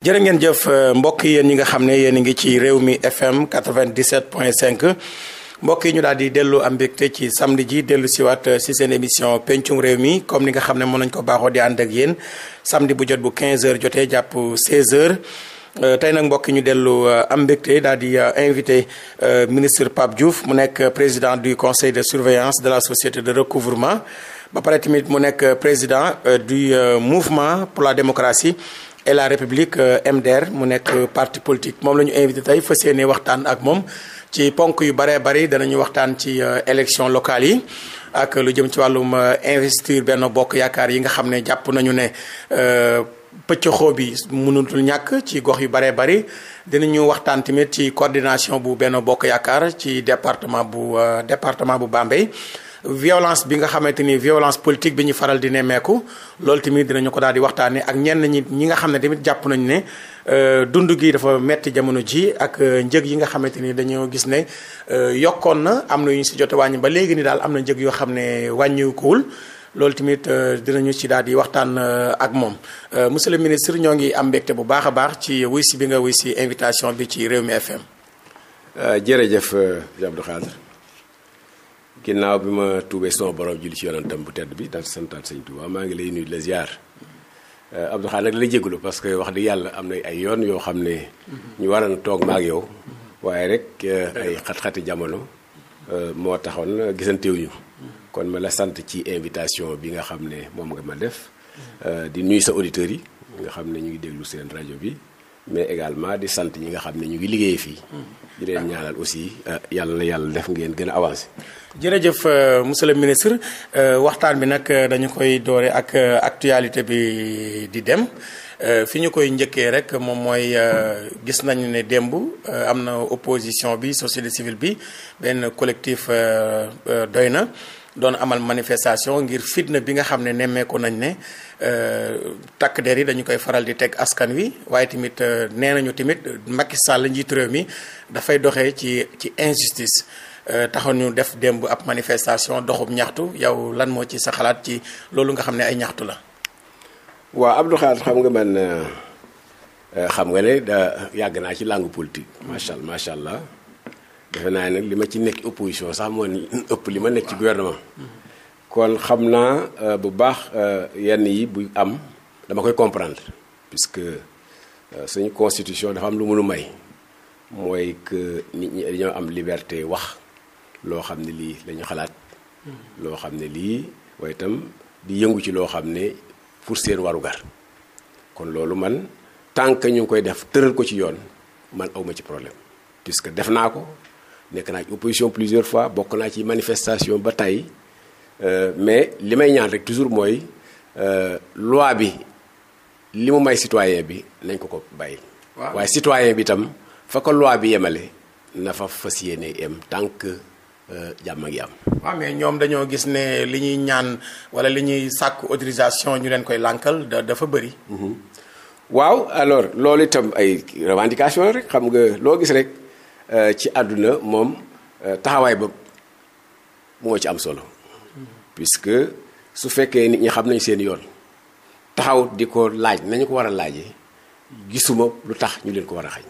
jërë ngeen jëf euh, mbokk yéen ñi nga xam ne yéen a ngi ci réew mi FM 97.5 mbokk yi ñu daal di dellu am mbégte ci samedi ji dellu siwaat euh, si seen émission pencum réew mi comme ni nga xam ne mën nañ ko baaxoo di ànd ak yéen samedi bu jot bu 15h jotee jàpp 16h. Euh, tey nag mbokk ñu dellu am mbégte daal di invité ministre Pape Diouf mu nekk président du conseil de surveillance de la société de recouvrement ba pare tamit mu nekk président du mouvement pour la démocratie. et la République euh, MDR mu nekk parti politique moom la ñu invité tey fas yéene waxtaan ak moom ci ponk yu baree bari danañu waxtaan ci euh, élection locale yi ak lu jëm ci wàllum euh, investir benn bokk yaakaar yi nga xam ne jàpp nañu ne pëccëxoo bi mënutul ñàkk ci gox yu baree bari ñu waxtaan tamit ci coordination bu benn bokk yaakaar ci département bu département bu Bambey violence bi nga xamante ni violence politique bi ñu faral di nemmeeku loolu tamit dinañu ko daal di waxtaanee ak ñenn ñi ñi nga xam ne tamit jàpp nañu ne euh, dund gi dafa metti jamono ji ak euh, njëg yi nga xamante ni dañoo gis ne euh, yokkoon na am na yu ñu si jote wàññi ba léegi nii daal am na njëg yoo xam ne wàññiwukuwul loolu tamit dinañu ci daal di waxtaan ak moom monsieur le ministre ñoo ngi am mbégte bu baax a baax ci wuy si bi nga wuy si invitation bi ci Rewmi FM. jërëjëf Abdou Khadre ginnaaw bi ma tuubee sama borom julli ci yonantam bu tedd bi daal di santaat sëñ Tuubaa maa ngi lay nuyu di la ziar eh, Abdou Khadre nag la jégalu parce que wax dëgg yàlla am na ay yoon yoo xam ne ñu waroon toog ma ak yow waaye rek eh, ay xat-xati jamono eh, moo taxoon gisantewuñu kon ma la sant ci invitation bi nga xam ne moom nga ma def di nuyu sa auditeurs yi nga xam ne ñu ngi déglu seen rajo bi mais également di sant ñi nga xam ne ñu ngi liggéey fii. di leen ñaanal aussi euh, yàlla na yàlla def ngeen gën a avancé. jërëjëf euh, monsieur le ministre euh, waxtaan bi nag dañu koy doore ak actualité bi di dem fi ñu koy njëkkee rek moom mooy gis nañu ne démb am na opposition bi société civile bi benn collectif doy na. doon amal manifestation ngir fitna bi nga xam ne nemmeeku nañ ne euh, takk der yi dañu koy faral di teg askan wi waaye tamit euh, nee nañu tamit Macky Sall njiitu réew mi dafay doxee ci ci injustice euh, taxoon ñu def démb ab manifestation doxub ñaxtu yow lan moo ci sa xalaat ci loolu nga xam ne ay ñaxtu la. waaw Abdou Khadre xam nga man xam nga ne da yàgg naa ci langue politique macha allah macha allah. defe nag li ma ci nekk opposition sax moo ëpp li ma nekk ci gouvernement. kon xam naa euh, bu baax euh, yenn yi buy am dama koy comprendre puisque euh, suñu constitution dafa am lu mënu may mooy que nit ñi dañoo am liberté wax loo xam ne lii lañu xalaat. loo xam ne lii waaye itam di yëngu ci loo xam ne pour seen warugar kon loolu man tant que ñu ngi koy def tëral ko ci yoon man awma ci problème puisque def naa ko. nekk naa ci opposition plusieurs fois bokk naa ci manifestation ba tey euh, mais li may ñaan rek toujours mooy euh, loi bi li mu may citoyen bi nañ ko ko bàyyi. waaye citoyen bi itam fa ko loi bi yemale na fa fas yéene yem tant que euh, jàmm ngi am. waaw mais ñoom dañoo gis ne li ñuy ñaan wala li ñuy sàkk autorisation ñu leen koy lànkal dafa bëri. Mhm. waaw alors loolu itam ay revendication rek xam nga loo gis rek. Euh, ci àdduna moom euh, taxawaay ba moo ci am solo puisque su fekkee nit ñi xam nañ seen yoon taxaw di ko laaj nañu ko war a laajee gisuma lu tax ñu leen ko war a xañ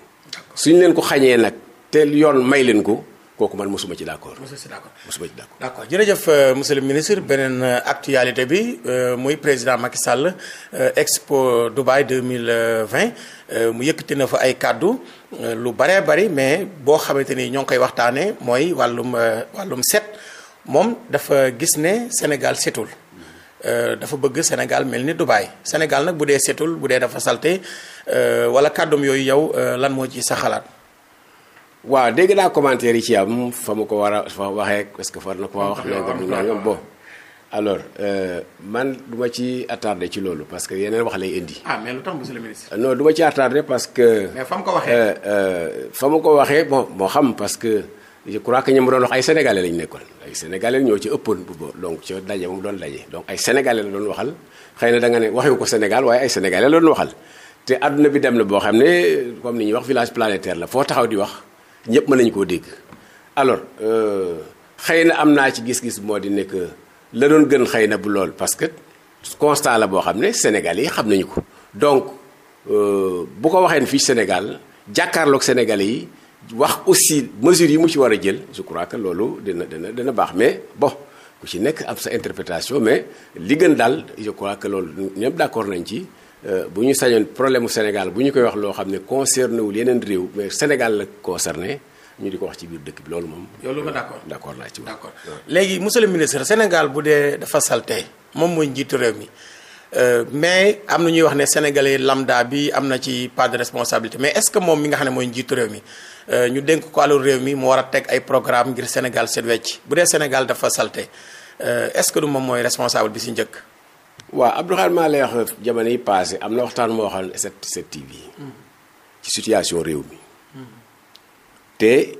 suñu leen ko xañee nag te yoon may leen ko kooku man mosuma ci d'accord. mosuma ci d'accord mosuma ci d'accord. d'accord jërëjëf euh, monsieur le ministre beneen euh, actualité bi euh, muy président Macky Sall expo Dubaï 2020 mu yëkkati na fa ay kàddu lu baree bari mais boo xamante ni ñoo ngi koy waxtaanee mooy wàllum wàllum set moom dafa gis ne Sénégal setul. dafa bëgg Sénégal mel ni Dubaï Sénégal nag bu dee setul bu dee dafa salte wala kàddum yooyu yow lan moo ci sa xalaat. waaw dégg naa commentaire yi ci am fa mu ko war a fa waxee parce que far na fa wax nangam nangam bon alors euh, man du ma ci attardé ci loolu parce que yeneen wax lay indi. Ah, mais lu tax monsieur le ministre. non du ma ci attardé parce que. mais fa mu ko waxee. Euh, euh, fa ko waxee bon moo xam parce que je crois que ñi mu doon wax ay sénégalais lañu nekkoon ay sénégalais ñoo ci ëppoon bu boobu donc ci daje moom doon daje donc ay sénégalais la doon waxal xëy na da nga ne waxewu ko Sénégal waaye ay sénégalais la doon waxal te adduna bi dem na boo xam ne comme ni ñuy wax village planétaire la foo taxaw di wax. ñëpp ma nañ koo dégg alors euh, xëy na am naa ci gis-gis moo di nekk la doon gën xëy na bu lool parce que constat la boo xam ne Sénégal yi xam nañu ko donc euh, bu ko waxee fii Sénégal jàkkaarloog sénégal yi wax aussi mesures yi mu ci war a jël je crois que loolu dina dina dina baax mais bo ku ci nekk am sa interprétation mais li gën daal je crois que loolu ñëpp d'accord nañ ci. Euh, bu ñu sañoon problème Sénégal bu ñu koy wax loo xam ne concerné wul yeneen réew mais Sénégal la concerné ñu di ko wax ci biir dëkk bi loolu moom. yow lu ko d' accord d' accord laa ci léegi monsieur ministre Sénégal bu dee dafa salte moom mooy njiitu réew mi euh, mais am na ñuy wax ne sénégalais lambda bi am na ci part de responsabilité mais est ce que moom mi nga xam ne mooy njiitu réew mi euh, ñu dénk ko alal réew mi mu war a teg ay programme ngir Sénégal set wecc bu dee Sénégal dafa salte est ce que du moom mooy responsable bi si njëkk. waaw Abdou Khadre maa lay wax jamono yi passé am na waxtaan moo xam ne set set TV ci situation réew mi te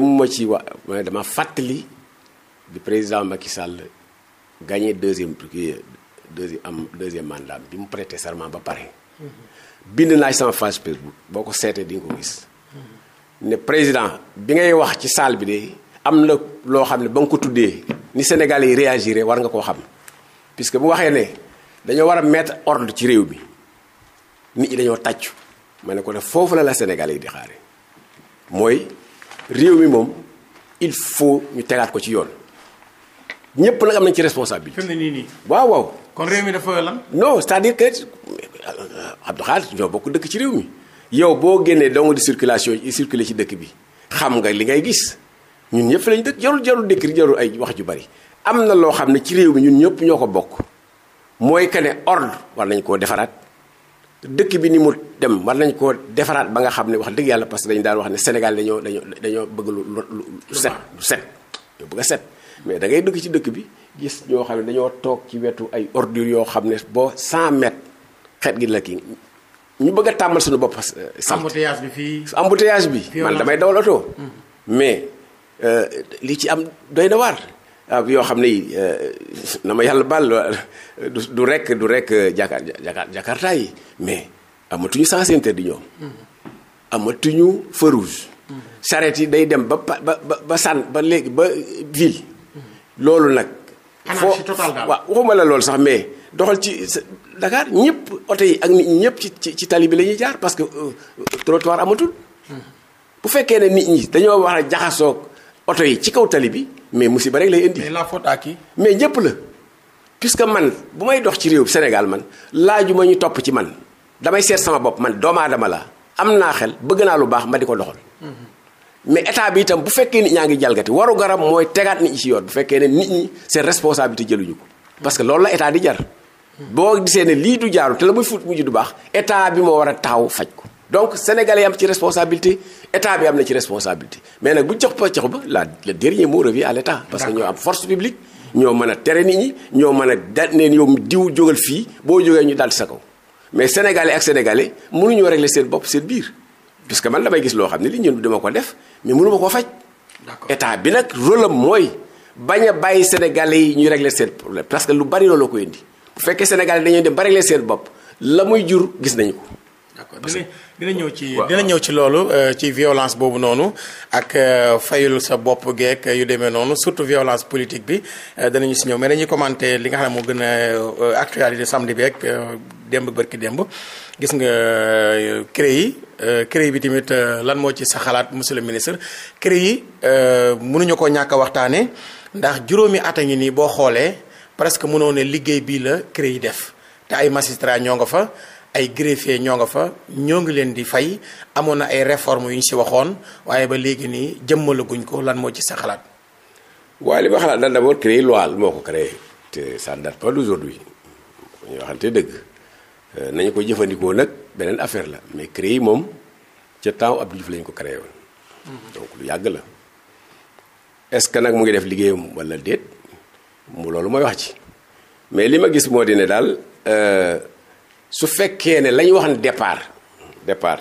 ma ci wa ma dama fàttali bi président Macky Sall gagné deuxième deuxième am deuxième mandat bi mu prêté serment ba pare bind naa sama page Facebook boo ko seetee di ne président bi ngay wax ci salle bi de am na loo xam ne ba nga ko tuddee ni Sénégal yi réagiré war nga koo xam puisque bu waxee ne dañoo war a mettre ordre ci réew mi nit ñi dañoo tàccu ma ne ko def foofu la la Sénégal yi di xaare mooy réew mi moom il faut ñu tegaat ko ci yoon ñëpp nag am nañ ci responsabilité. fi mu nii nii. waaw waaw. réew mi dafa lan. non c'est-à-dire que Abdou Khadre ñoo bokk dëkk ci réew mi yow boo génnee dong di circulation yi ci dëkk bi xam nga li ngay gis ñun ñëpp lañ dëkk jarul jarul décret jarul ay wax ju bari. am na loo xam ne ci réew mi ñun ñëpp ñoo ko bokk mooy que ne ordre war nañ koo defaraat dëkk bi ni mu dem war nañ koo defaraat ba nga xam ne wax dëgg yàlla parce que dañu daan wax ne Sénégal dañoo dañoo dañoo bëgg lu lu set lu set lu bëgg set mais da ngay dugg ci dëkk bi gis ñoo xam ne dañoo toog ci wetu ay ordure yoo xam ne boo 100 mètres xet gi la kii ñu bëgg a tàmbal suñu bopp. Euh, sant embouteillage bi fii. embouteillage bi man damay dawal oto. Mm. mais euh, li ci am doy na waar. Ah, yoo xam ne yi euh, na ma yàlla baal du rek du rek euh, jakaar jakaar jakarta yi mais amatuñu sens interdit ñoom amatuñu feu rouge yi day dem ba ba ba sànn ba léegi ba ville loolu nag foo waaw waxuma la loolu sax mais doxal ci Dakar ñëpp oto yi ak nit ñi ñëpp ci ci tali bi lañuy jaar parce que euh, trottoir amatul hmm. bu fekkee ne nit ñi dañoo war a jaxasoog oto yi ci kaw tali bi mais musiba rek lay indi. mais la faute mais ñëpp la puisque man bu may dox ci réew Sénégal man laaju ma ñu topp ci man damay seet sama bopp man doomu aadama laa am naa xel bëgg naa lu baax ma di ko doxal. Mhm. mais état bi itam bu fekkee nit ñaa ngi jalgati waru garam mooy tegaat nit ñi ci yoon bu fekkee ne nit ñi seen responsabilité jëluñu ko. parce que loolu la état di jar. boo gisee ne lii du jaaru te la muy fut mujj du baax état bi moo war a taxaw faj ko. donc sénégalais yam ci responsabilité état bi am na ci responsabilité mais nag bu jox pàccax ba la le dernier mot revient à l' état. parce que ñoo am force publique ñoo mën a tere nit ñi ñoo mën a da neen yow diw jógal fii boo jógee ñu daal sa kaw mais sénégalais ak sénégalais mënuñoo régler seen bopp seen biir. parce que man damay gis loo xam ne li ñun dama ko def mais mënu ma ko faj. état bi nag rôle am mooy bañ a bàyyi sénégalais yi ñuy régler seen problème parce que lu bari loolu ko koy bu fekkee sénégalais dañuy dem ba régler seen bopp la muy jur gis nañu ko. d'accord dina ñëw ci dina ñëw ci loolu euh, ci violence boobu noonu ak euh, fayul sa bopp geek yu demee noonu surtout violence politique bi euh, danañu si ñëw mais dañuy commenter li nga xam ne moo gën a actualité samedi bi ak démb bërki démb gis nga CREI yi CREI bi tamit lan moo ci sa xalaat monsieur le ministre CREI yi mënuñu ko ñàkk a waxtaane ndax juróomi at a ngi nii boo xoolee presque mënoo ne liggéey bii la CREI yi def te ay magistrats ñoo nga fa ay greffier ñoo nga fa ñoo ngi leen di fay amoon na ay réformes yu ñu si waxoon waaye ba léegi nii jëmmalaguñ ko lan moo ci sa xalaat. waaye li ma xalaat daal d'abord créer loi moo ko créé te ça ne date pas d'aujourd'hui ñu dëgg euh, nañu ko jëfandikoo nag beneen affaire la mais créer moom ca temps Abdou Diouf lañu ko créé woon. lu yàgg la. est-ce que nag mu ngi def liggéeyam walla déet mu loolu mooy wax ci mais li ma gis moo di ne daal. Euh, su fekkee ne la ñu waxoon départ départ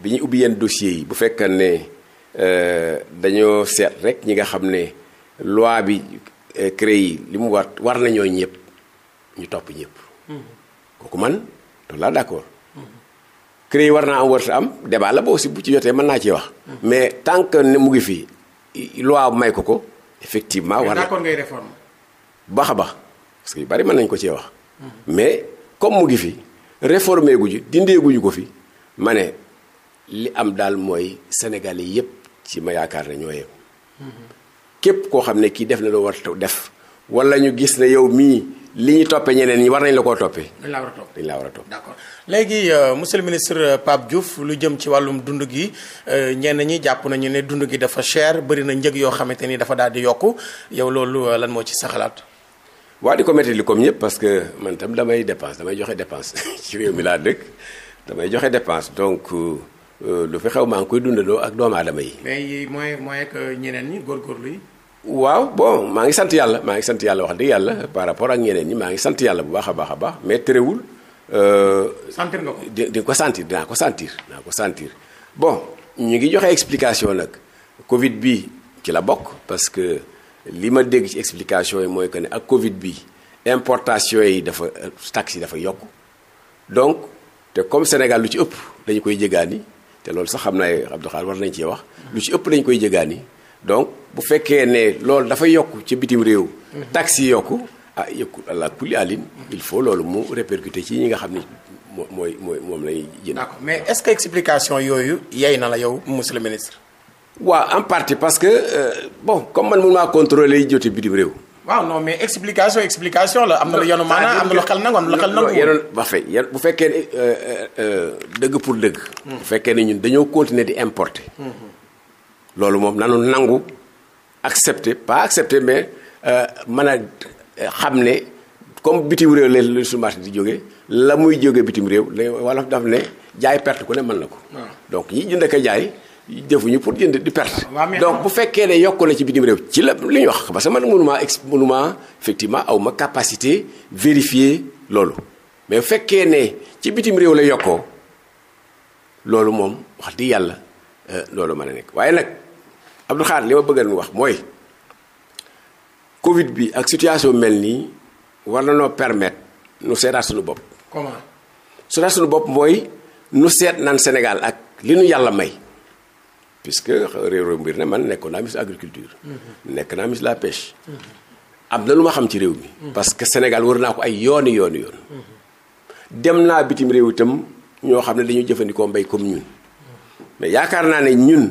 bi ñu ubbi yenn dossiers yi bu fekkee ne euh, dañoo seet rek ñi nga xam ne loi bi euh, créé yi li mu war war nañoo ñëpp ñu topp ñëpp. Mm-hmm. kooku man loolu laa d'accord. Mm-hmm. créé yi war naa am si am débat la ba aussi bu ci jotee mën naa ci wax. Mm-hmm. mais tant que ne mu ngi fi loi may ko ko effectivement. war na d'accord ngay réforme. a baax parce que yu bari mën nañ ko cee wax. mais. comme mu ngi fi réformé gu ji dindeeguñu ko fi ma ne li am daal mooy sénégalais yépp ci ma yaakaar ne ñoo képp koo xam ne kii def na loo war def wala ñu gis ne yow mii li ñu toppee ñeneen yi war nañ la koo toppee. dañ laa war a léegi euh, monsieur le ministre euh, Pape Diouf lu jëm ci wàllum dund gi euh, ñenn ñi jàpp nañu ne dund gi dafa cher bëri na njëg yoo xamante ni dafa daal di yokku yow loolu lan moo ci saxalaat waaw di ko métti comme ñëpp parce que man tam damay dépense damay joxe dépense ci réew mi damay joxe dépense donc euh, euh, lu fi xew maa ngi koy dundaloo ak doomu aadama yi. mais yii mooy mooy ak ñeneen ñi góorgóorlu yi. waaw bon maa ngi sant yàlla maa ngi sant yàlla wax dëgg yàlla par rapport ak ñeneen ñi maa ngi sant yàlla bu baax a baax a baax mais terewul. Euh, sentir nga ko di di ko santir dinaa ko santir dinaa ko sentir bon ñu ngi joxe explication nag Covid bi ci la bokk parce que. li ma dégg ci explication yi mooy que ne ak Covid bi importation yi dafa taxes yi dafa yokk donc te comme Sénégal lu ci ëpp dañu koy jëgaani te loolu sax xam naa Abdou Khadre war nañ cee wax lu ci ëpp dañu koy jëgaani donc bu fekkee ne loolu dafa yokk ci bitim réew. taxes yi yokku ah yëkku allah kulli alin il faut loolu mu répercuter ci ñi nga xam ni mooy mooy moom lay jënd. d'accord mais est-ce que explication yooyu yey na la yow monsieur le ministre. waaw en partie parce que euh, bon comme man mun maa contrôler yi jotee bitim réew. waaw non mais explication explication la am na la yanu maanaam am na lu xel nangu am na lu xel nangu. yéen bu fekkee ne euh, euh, dëgg pour dëgg. Hmm. bu fekkee ne ñun dañoo continuer di importer. Hmm. loolu moom nanu nangu accepter pas accepter mais mën a xam ne comme bitim réew la lu suñu marché di jóge la muy jóge bitim réew wala daf ne jaay perte ko ne mën na ko. Hmm. donc yi ñu ndaka jaay. defuñu pour jënd di perte. donc bu fekkee ne yokku na ci bitim réew ci la li ñu wax parce que man mënuma ex mënuma effectivement aw ma capacité vérifier loolu mais bu fekkee ne ci bitim réew la yokkoo loolu moom wax di yàlla euh, loolu mën a nekk waaye nag Abdou xaan li ma bëgg wax mooy Covid bi ak situation mel nii war na noo permettre nu seetaat suñu bopp. comment seetaat suñu bopp mooy nu seet nan Sénégal ak li nu yàlla may. puisque réew mbir ne man nekkoon naa ministre agriculture. nekk naa ministre la pêche. am na lu ma xam ci réew mi. parce que Sénégal wër naa ko ay yooni yooni yoon. dem naa bitim réew itam ñoo xam ne ñu jëfandikoo mbay comme ñun. mais yaakaar naa ne ñun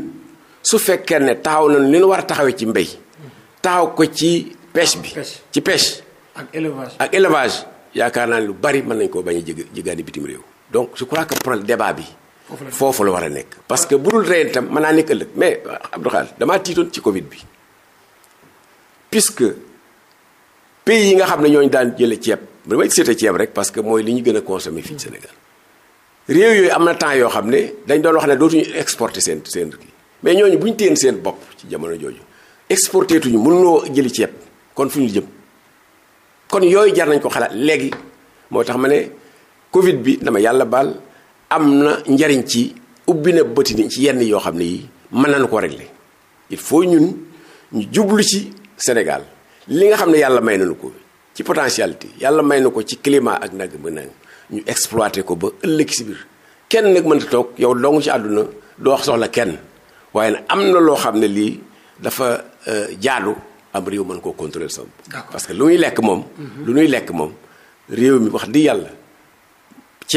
su fekkee ne taxaw nañ li ñu war a taxawee ci mbay. taxaw ko ci pêche bi. ci pêche. ak élevage ak élevage yaakaar naa ne lu bari mën nañ koo bañ a jéggaani bitim réew. donc je crois que problème débat bi. foofu la war a nekk parce que bu dul rey itam mën naa nekk ëllëg mais Abdou Khadre damaa tiitoon ci Covid bi puisque pays yi nga xam ne ñooñu daan jële ceeb damay seete ceeb rek parce que mooy li ñu gën a consommer fii Sénégal réew yooyu am na temps yoo xam ne dañ doon wax ne dootuñu exporter seen seen kii mais ñooñu bu ñu téen seen bopp ci jamono jooju exporté tuñu mënuloo jëli ceeb kon fu ñu jëm kon yooyu jar nañ ko xalaat léegi moo tax ma ne Covid bi dama yàlla baal. am na njariñ ci ubbi na bëti ni ci yenn yoo xam ne yi mën nañu ko régler il faut ñun ñu jublu ci Sénégal li nga xam ne yàlla may nañu ko ci potentialité yàlla may na ko ci climat ak nag ba nag ñu exploité ko ba ëllëg si biir kenn nag mënta toog yow dong ci àdduna doo soxla kenn waaye nag am na loo xam ne lii dafa euh, jaadu am réew mën koo contrôler sa parce que lu muy lekk moom mhm. lu ñuy lekk moom réew mi wax di yàlla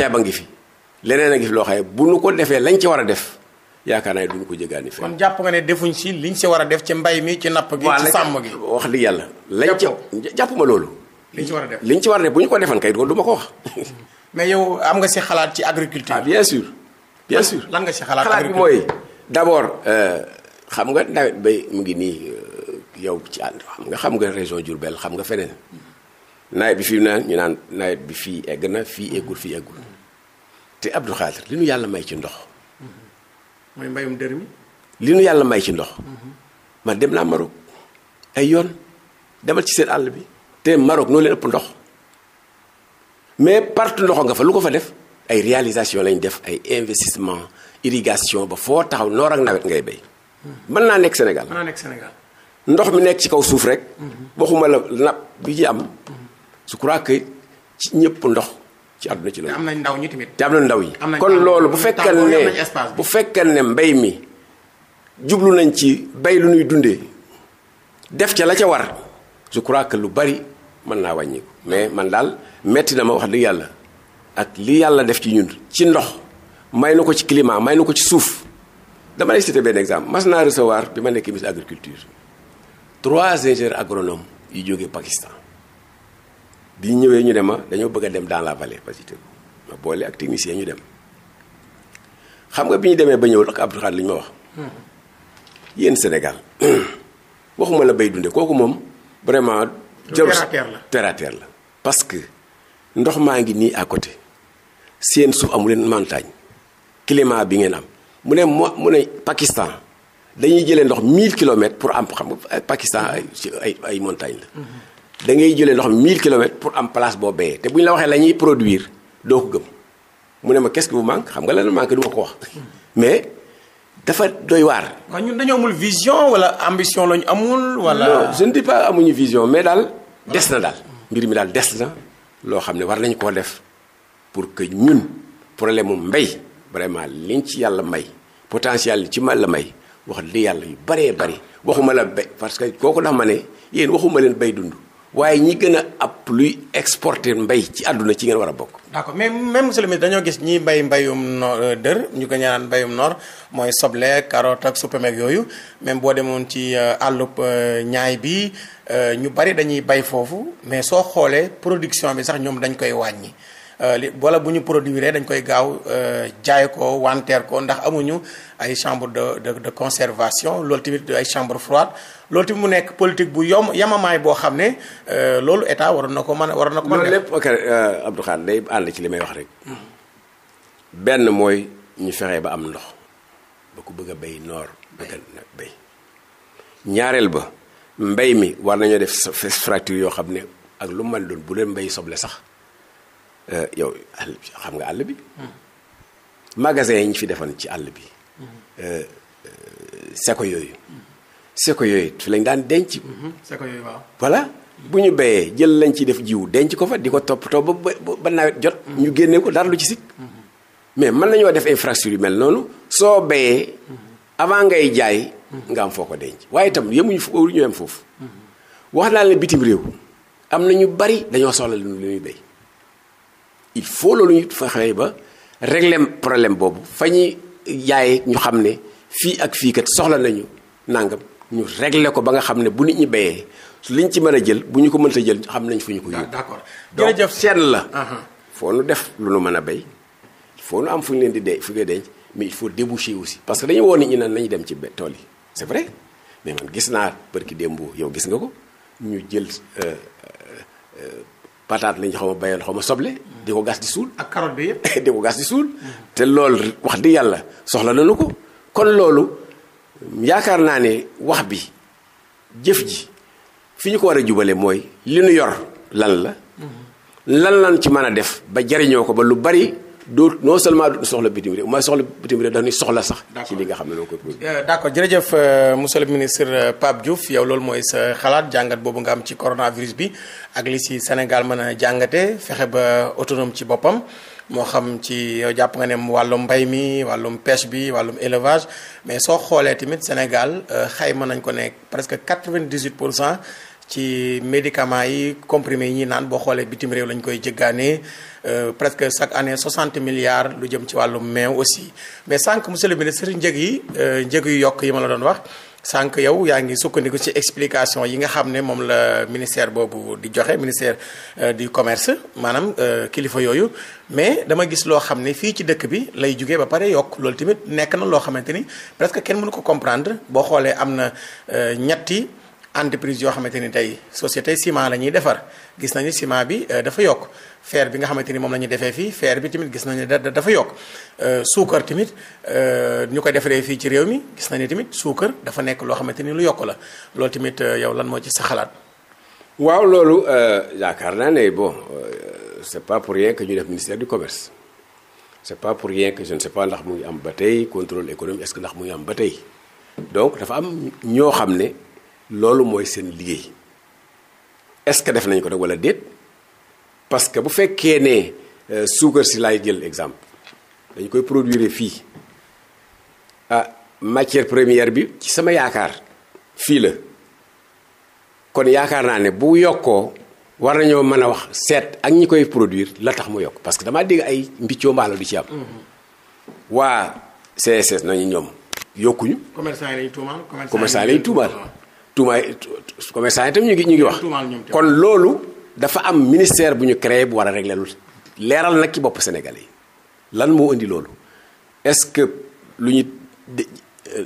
a ngi fi leneen a gis loo xam bu nu ko defee lañ ci war a def yaakaar naa ne duñu ko jëgaani jàpp nga ne defuñ si liñ si war a ci mbay mi ci napp gi. ci sàmm gi wax dëgg yàlla. lañ ci jàpp ma loolu. liñ war a def liñ ci war bu ñu ko defan kay du ma ko wax. mais yow am si xalaat ci agriculture. ah bien sûr lan nga si xalaat xalaat bi mooy d'abord euh, xam nga nawet bay mu ngi nii euh, yow ci ànd xam nga xam nga région Diourbel xam nga feneen nawet bi fii naan ñu naan nawet bi fii egg na fii eggul fii eggul. te Abdou Khadre li nu yàlla may ci ndox. mooy mbayum dër mi. yàlla may ci ndox. man dem naa Maroc ay yoon demal ci seen àll bi. te Maroc noo leen ëpp ndox mais partout ndox nga fa lu ko fa def ay réalisation lañ def ay investissement irrigation ba foo taxaw noor ak nawet ngay bay. mën naa nekk Sénégal mën nekk Sénégal. ndox mi nekk ci kaw suuf rek. Mhm. waxuma la napp bi ci am. Mhm. je crois que ci ñëpp ndox. ci àdduna ci la. am nañ ndaw ñi tamit. te am ndaw yi kon loolu bu fekkal ne bu fekkal ne mbay mi jublu nañ ci bay lu ñuy dundee def ca la ca war je crois que lu bari mën naa wàññiku mais man daal metti na ma wax dëgg yàlla ak li yàlla def ci ñun ci ndox may na ko ci climat may na ko ci suuf dama lay citer benn exemple mas naa recevoir bi ma nekk ministre agriculture trois ingénieurs agronomes yu jógee Pakistan bi ñëwee ñu ne ma dañoo bëgg a dem dans la vallée parce que ma boole ak technicien ñu dem xam nga bi ñu demee ba ñëwul ak Abdou Khadre li ñu ma wax yéen Sénégal waxuma la bay dunde kooku moom vraiment jarul terre à terre la parce que ndox maa ngi nii à côté seen suuf amu leen montagne climat bi ngeen am mu ne mo mu ne Pakistan dañuy jëlee ndox mille kilomètres pour am xam nga Pakistan ay ay ay montagne la mm-hmm. da ngay jëlee loo xam ne pour am place boo béyee te bu ñu la waxee la ñuy produire doo ko gëm mu ne ma qu'est-ce qui vous xam nga la ne du ma ko wax mais dafa doy waar. waaw ñun dañoo amul vision wala ambition lañu amul. wala non je ne amuñu vision mais daal des na daal. mbir mi daal des na loo xam ne war nañ koo def pour que ñun problème mu mbay vraiment liñ ci yàlla may potentiel li ci ma la may wax dëgg yàlla yu baree bari waxuma la bay parce que kooku dafa ne yéen waxuma leen bay dund. waaye ñi gën a ab luy exporter mbay ci àdduna ci ngeen war a bokk. d'accord mais même monsieur le ministre dañoo gis ñi mbay mbayum no euh, dër ñu ko ñaanaan mbayum noor mooy soble carotte ak suppameeg yooyu même boo demoon ci euh, àllub euh, ñaay bi ñu bari dañuy bay foofu mais soo xoolee production bi sax ñoom dañ koy wàññi. Euh, li wala bu ñu produit produire dañ koy gaaw euh, jaay ko wanteer ko ndax amuñu ay chambre de de de conservation loolu tamit ay chambre froide loolu tamit mu nekk politique bu yom yamamaay boo xam ne euh, loolu état war na ko mën waroon na ko mën loolu lépp ok Abdou Khadre day ànd ci li may wax rek mooy ñu fexe ba am ndox ba ku bëgg a béy noor bëgg a béy ba mbay mi war nañoo def fracture yoo xam ne ak lu mën doon bu leen mbay soble sax Euh, yow xam nga àll bi. magasin yi ñu fi defoon ci àll bi. Mm-hmm. Euh, euh, seko yooyu. Mm-hmm. seko yooyu fi lañ daan denc. Mm-hmm. seko yooyu waaw. bu ñu béyee jël lañ ci def jiw denc ko fa di ko toppatoo ba ba nawet jot. ñu génne ko dara lu ci sikk. mais mën nañoo def infrastructure yu mel noonu soo béyee. avant ngay jaay. nga am foo ko denc waaye itam yëmuñu foofu ñu yem foofu. wax naa leen bitim réew am na ñu bari dañoo solal lu ñuy béy. il faut loolu ñu fexe ba régler problème boobu fa ñuy yaay ñu xam ne fii ak fii kat soxla nañu nangam ñu régler ko ba nga xam ne bu nit ñi béyee liñ ci mën a jël bu ñu ko mën mënta jël xam nañ fu ñu ko yóbbu. d'accord jërëjëf seen la. Uh-huh. foo nu def lu nu mën a béy foo nu am fu ñu leen di de fu ñu denc mais il faut déboucher aussi parce que dañu woon nit ñi naan nañu dem ci tool yi c'est vrai mais man gis naa que démboo yow gis nga ko ñu jël. Euh, euh, pataat lañ xaw ma bayoon xaw ma soble. di ko gas di suul. ak carotte bi yëpp di ko gas di suul. te lool wax di yàlla soxla nañu ko. kon loolu yaakaar naa ne wax bi jëf ji fi ñu ko war a jubale mooy li ñu yor lan la. Mm-hmm. lan lan ci mën a def ba jariñoo ko ba lu bari. doo non seulement du soxla bitim réew mooy soxla bitim réew dañuy soxla sax. ci li nga xam ne noonu koy produire. Euh, d' accord jërëjëf euh, monsieur le ministre euh, Pape Diouf yow mooy xalaat jàngat boobu nga am ci coronavirus bi ak li si Sénégal mën a jàngate fexe ba autonome ci boppam. moo xam ci jàpp nga ne wàllum mbay mi wàllum pêche bi wàllum élevage mais soo xoolee tamit Sénégal xayma nañ ko ne presque 98 pour cent. ci médicaments yi comprimés yi ñuy naan boo xoolee bitim réew lañ koy jëggaanee euh, presque chaque année 60 milliards lu jëm ci wàllu mais aussi mais sànq monsieur le ministre njëg yi euh, njëg yu yokk yi ma la doon wax sànq yow yaa ngi sukkandiku ci explication yi nga xam ne moom la ministère boobu di joxe ministère euh, du commerce maanaam kilifa yooyu mais dama gis loo xam ne fii ci dëkk bi lay jugee ba pare yokk loolu tamit nekk na loo xamante ni presque kenn mënu ko comprendre boo xoolee am na ñetti. entreprise yoo xamante ni tey société ciment la ñuy defar gis nañu ciment bi euh, dafa yokk feer bi nga xamante ni moom la ñuy defee fii fer bi tamit gis nañu dafa yokk euh, suukar tamit euh, ñu koy defaree fii ci réew mi gis nañu tamit suukar dafa nekk loo xamante ni lu yokk la loolu tamit yow lan moo ci sa xalaat. waaw loolu yaakaar naa ne bo c'est pas pour rien ñu def ministère du commerce c'est pas pour rien que je ne pas ndax mu ngi am ba tey contrôle économique est-ce que mu ngi am ba tey donc dafa am ñoo xam ne. loolu mooy seen liggéey est-ce que def nañ ko rek walla déet parce que bu fekkee ne euh, suukar si laay jël exemple dañ koy produire fii ah matière première bi ci sama yaakaar fii la kon yaakaar naa ne bu yokkoo war nañoo mën a wax seet ak ñi koy produire la tax mu yokk parce que damaa dégg ay mbiccoo mbaalo du ci am. Mm-hmm. waa CSS nañu ñoom yokkuñu. commerçant yi lay tuumaal commerçant yi lay tuumaal. tuumaay commerçant yi tam ñu ngi ñu ngi wax. kon loolu dafa am ministère bu ñu créer bu war a régler loolu leeral nag ci bopp sénégal yi lan moo indi loolu est-ce que lu ñu euh,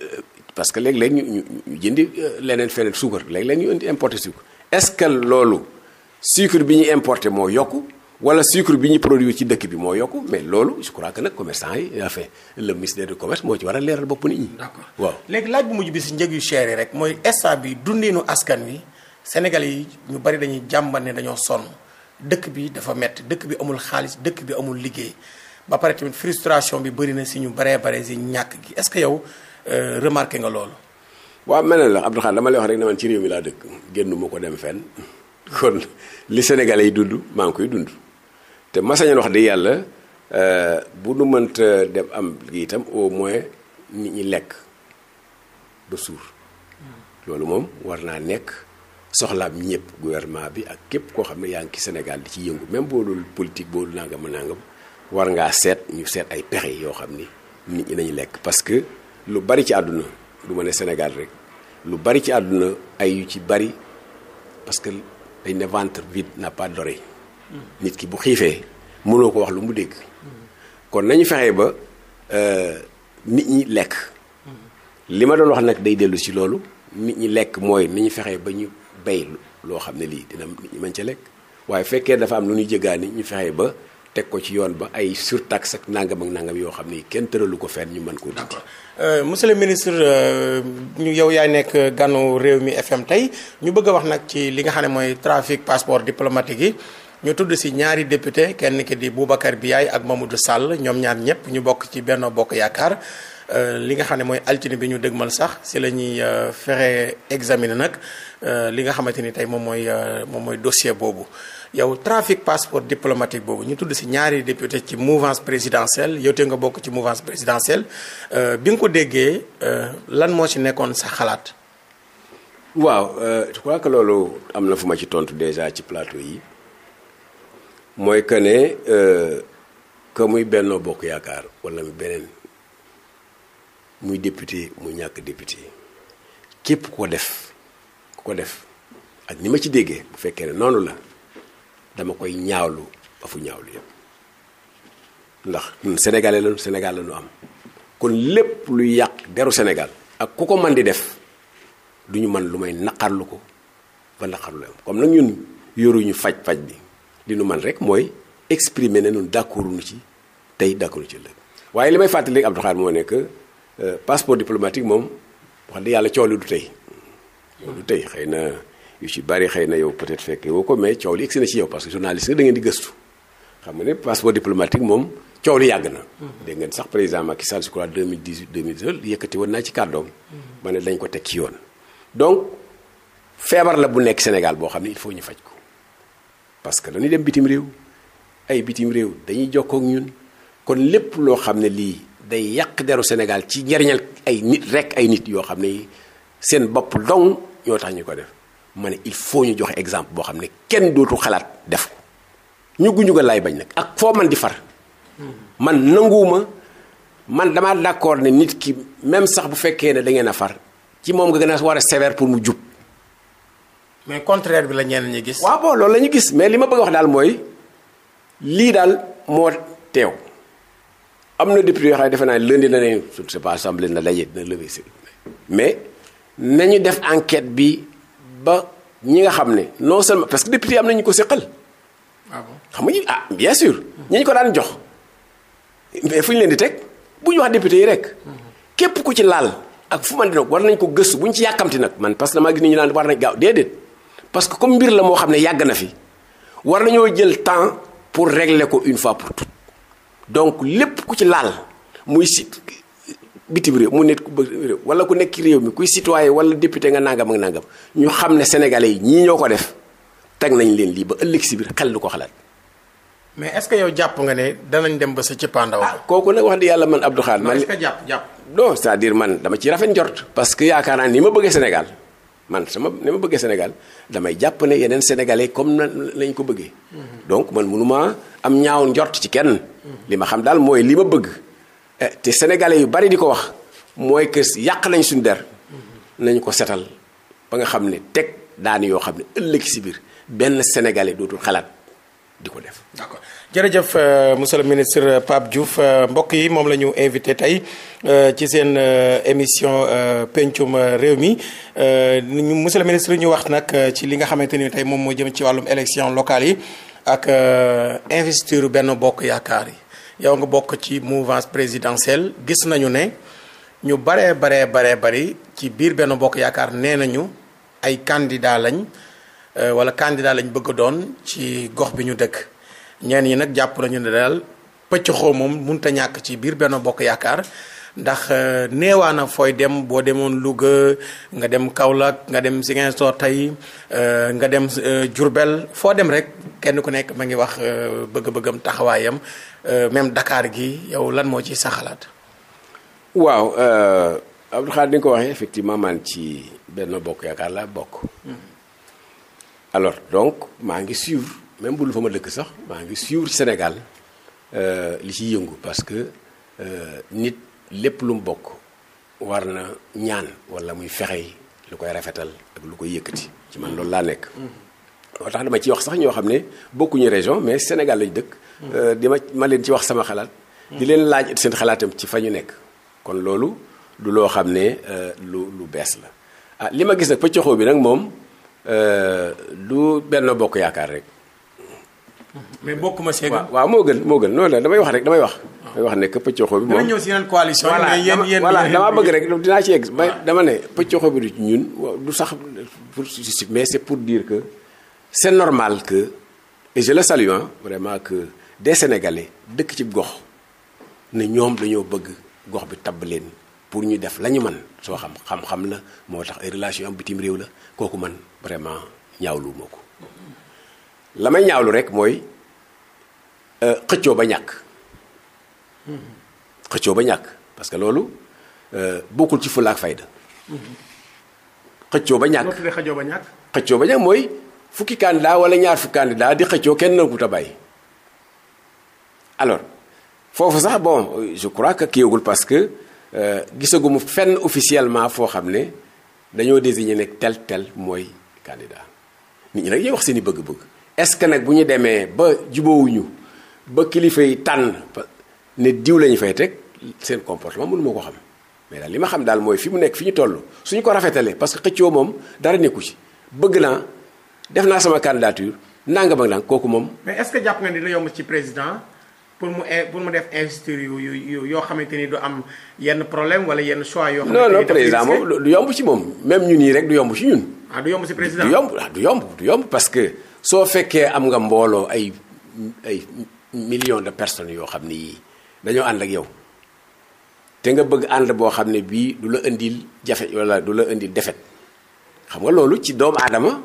parce que léeg-léeg ñu ñu ñu jëndi euh, leneen feneen suukar léeg-léeg ñu indi importé suukar est-ce que loolu sucre bi ñu importé moo yokku. wala sucre bi ñu produire ci dëkk bi moo yokku mais loolu je crois que nag commerçant yi enfin le ministère du commerce moo ci war a leeral bopp nit ñi. waaw léegi laaj bu mujj bi si njëg yu cher yi rek mooy instant bi dundeenu askan wi Sénégal yi ñu bari dañuy jàmban ne dañoo sonn dëkk bi dafa metti dëkk bi amul xaalis dëkk bi amul liggéey ba pare tamit frustration bi bëri na si ñu baree bare si ñàkk gi est-ce que yow euh, remarqué nga loolu. waaw mel na la Abdou Khadre dama lay wax rek ne man ci mi laa dëkk génn ma ko dem fenn kon li yi dund maa ngi koy dund. te ma sañoon wax dëgg yàlla euh, bu nu mënta dem am itam au moins nit ñi lekk ba suur loolu moom war naa nekk soxlaam ñëpp gouvernement bi ak képp koo xam ne yaa ngi ci Sénégal di ci yëngu même boo dul politique boo mën naa nga war ngaa seet ñu seet ay pexe yoo xam ni nit ñi nañu lekk parce que lu bari ci àdduna du ma ne Sénégal rek lu bari ci àdduna ay yu ci bari parce que dañ neventre ventre vide n'a pas doré nit ki bu xiifee mënoo ko wax lu mu dégg kon nañu fexe ba euh, nit ñi lekk li ma doon wax nag day dellu ci loolu nit ñi lekk mooy nañu fexe ba ñu bay loo xam ne lii dina nit ñi ca lekk waaye fekkee dafa am lu ñuy jëgaani ñu fexee ba teg ko ci yoon ba ay surtaxe ak nangam ak nangam yoo xam ne kenn tëralu ko fenn ñu mën koo dindi. Euh, monsieur le ministre euh, ñu yow yaay nekk ganu réew mi FM tey ñu bëgg a wax nag ci li nga xam ne mooy trafic passeport diplomatique yi. ñu tudd si ñaari député kenn ki di bi yaay ak Mamadou sàll ñoom ñaar ñëpp ñu bokk ci Benno Bokk Yaakaar euh, li nga xam ne mooy altine bi ñu mal sax si la ñuy euh, fexe examiner nag euh, li nga xamante ni tey moom mooy moom mooy dossier boobu. yow trafic passeport diplomatique boobu ñu tudd si ñaari député ci mouvance présidentielle yow te nga bokk ci mouvance présidentielle bi nga ko déggee lan moo ci nekkoon sa xalaat. waaw je crois que loolu am na fu ma ci tontu déjà ci plateau yi. mooy que ne euh, que muy Benno Bokk Yaakaar wala mu beneen muy député mu ñàkk député képp ko def ko def ak ni ma ci déggee bu fekkee ne noonu la dama koy ñaawlu afu ñaawlu yëpp ndax ñun sénégalais lañu Sénégal lañu am kon lépp lu yàq deru Sénégal ak ku ko man di def du ñu man lu may naqarlu ko ba naqarlu am comme nag ñun yoruñu faj-faj bi li nu man rek mooy exprimer ne ñun d'accord nu ci tey d'accord nu ci ëllëg waaye li may fàttali rek Abdou Khadre moo nekk euh, passeport diplomatique moom wax dëgg yàlla coow li du tey du tey na yu ci bari xëy na yow peut-être fekk woo ko mais coow li egsi na ci yow parce que journaliste nga da ngeen di gëstu xam nga ne passeport diplomatique moom coow li yàgg na. Mm-hmm. dégg ngeen sax président Macky Sall je crois 2018 2019 yëkkati woon naa ci kàddoom. ba mm-hmm. ne dañ ko teg ci yoon. donc feebar la bu nekk Sénégal boo xam ne il faut ñu faj ko. parce que dañuy dem bitim réew ay bitim réew dañuy jokkoo ak ñun kon lépp loo xam ne lii day yàq deru senegal ci njariñal ay nit rek ay nit yoo xam ne seen bopp dong ñoo tax ñu ko def ma ne il faut ñu joxe exemple boo xam ne kenn dootu xalaat def ko ñu guñu ko laay bañ nag ak foo man di far man nanguwuma man damaa d'accord ne nit ki même sax bu fekkee ne da ngeen a far ci moom nga gën a war a sévère pour mu jub mais contraire bi la ñenn ñi gis. waaw loolu lañu gis mais li ma bëgg wax daal mooy lii daal moo teew am na député yoo xam ne defe naa lundi na ne je ne sais pas assemblée na daje dina lever mais nañu def enquête bi ba ñi nga xam ne non seulement parce que député am na ñu ko seqal. waaw ah xam nga ah bien sûr. ñi ñu ko daan jox mais fu ñu leen di teg bu ñu wax député yi rek. képp ku ci laal ak fu man di nag war nañ ko gëstu bu ñu ci yàkkamti nag man parce que damaa gis ni ñu naan war nañ gaaw déedéet. parce que comme mbir la moo xam ne yàgg na fi war ñoo jël temps pour régler ko une fois pour toutes donc lépp ku ci laal muy si bitim réew mu nekk réew wala ku nekk réew mi kuy citoyen wala député nga nangam ak nangam ñu xam ne sénégalais yi ñii ñoo ko def teg nañ leen lii ba ëllëg si biir xel du ko xalaat. mais est-ce que yow jàpp nga ne danañ dem ba sa cëppaandaw. ah kooku nag wax di yàlla man Abdou Khadre man est-ce que jàpp jàpp. man dama ci rafet njort. parce que yaakaar naa ni ma bëggee Sénégal. man sama ni ma bëggee Sénégal damay jàpp ne yeneen sénégalais comme na lañ ko bëggee. donc man mënuma am ñaaw njort ci kenn. li ma xam daal mooy li ma bëgg. Eh, te sénégalais yu bari di ko wax mooy que yàq nañ suñu der. nañ ko setal ba nga xam ne teg daan yoo xam ne ëllëg si biir benn sénégalais dootul xalaat di ko def. d'accord. jërëjëf euh, monsieur le ministre euh, Pape Diouf euh, mbokk yi moom la ñu invité tey ci seen émission pencum réew mi monsieur le ministre ñu wax nag ci li nga xamante ni tey moom moo jëm ci wàllum élection locale yi ak investir benn bokk yaakaar yi yow nga bokk ci mouvance présidentielle gis nañu ne ñu baree baree baree bari ci biir benn bokk yaakaar nee nañu ay candidat lañ wala candidat lañ bëgg doon ci gox bi ñu dëkk ñeen yi nag jàpp nañu ne daal pëcc pëccxoo moom munta ñàkk ci biir benn Bokk Yaakaar ndax euh, neewaana fooy dem boo demoon Louga nga dem kawlak nga dem Ziguinchor tey euh, nga dem jurbel euh, foo dem rek kenn ku nekk ma ngi wax bëgg-bëggam taxawaayam même dakaar gi yow lan moo ci sa xalaat waaw Abdou Khadre ni nga ko waxee effectivement man ci benn Bokk Yaakaar laa bokk hmm. alors donc maa ngi suivre même bu dul fa ma dëkk sax maa ngi suivre ci Sénégal euh, li ciy yëngu parce que euh, nit lépp lu mu bokk war na ñaan wala muy fexe lu koy rafetal ak lu koy yëkkati ci man loolu laa nekk. Mm-hmm. moo tax dama ci wax sax ñoo xam ne bokkuñu région mais Sénégal lañ dëkk. Mm-hmm. Euh, di ma ma leen ci wax sama xalaat. Mm-hmm. di leen laaj seen xalaatam ci fa ñu nekk. kon loolu du loo xam ne lu lu bees la ah li ma gis nag pëccoxoo bi nag moom lu benn bokk yaakaar rek. mais bokkuma see gën. waaw moo gën moo gën noonu la damay wax rek damay wax. damay wax ne que pëccoxoo bi moom dina ñëw si yeneen coalition. mais yéen yéen voilà damaa bëgg rek dinaa ci egg. may dama ne pëccoxoo bi du ñun du sax pour mais c'est pour dire que seen normal que et je le salue hein, vraiment que des Sénégalais dëkk ci gox ne ñoom dañoo bëgg gox bi tabb leen pour ñu def la ñu mën soo xam xam-xam la moo tax ay relation am bitim réew la kooku man vraiment ñaawlu moo ko. la may ñaawlu rek mooy euh, xëccoo ba ñàkk xëccoo ba ñàkk parce que loolu euh, bokkul ci fulla fayda xëccoo ba ñàkk xëccoo ba ñàkk xëccoo ba ñàkk mooy fukki candidat wala ñaar fukki candidat di xëccoo kenn nangu ta bàyyi alors foofu sax bon je crois que kiiwagul parce que euh, gisagumu fenn officiellement foo xam ne dañoo désigné nekk tel tel mooy candidat nit ñi nag ñooy wax seen i bëgg-bëgg est-ce que nag bu ñu demee ba jubóowuñu ba kilifa yi tànn ne diw lañu fay teg seen comportement mënu ma ko xam mais daal li ma xam daal mooy fi mu nekk fi ñu toll suñu ko rafetalee parce que xëccoo moom dara nekku ci bëgg naa def naa sama candidature nangam ak nang kooku moom. mais est-ce que jàpp nga ni la yomb ci président pour mu pour mu def investiture yu yoo xamante ni du am yenn problème wala yenn choix yoo. xamante non non président moom du yomb ci moom même ñun yi rek du yomb ci ñun. ah yomb ah, yomb parce que. soo fekkee am nga mbooloo ay ay millions de personnes yoo xam ne yii dañoo ànd ak yow te nga bëgg ànd boo xam ne bii du la indil jafe wala du la indil defet xam nga loolu ci doomu adama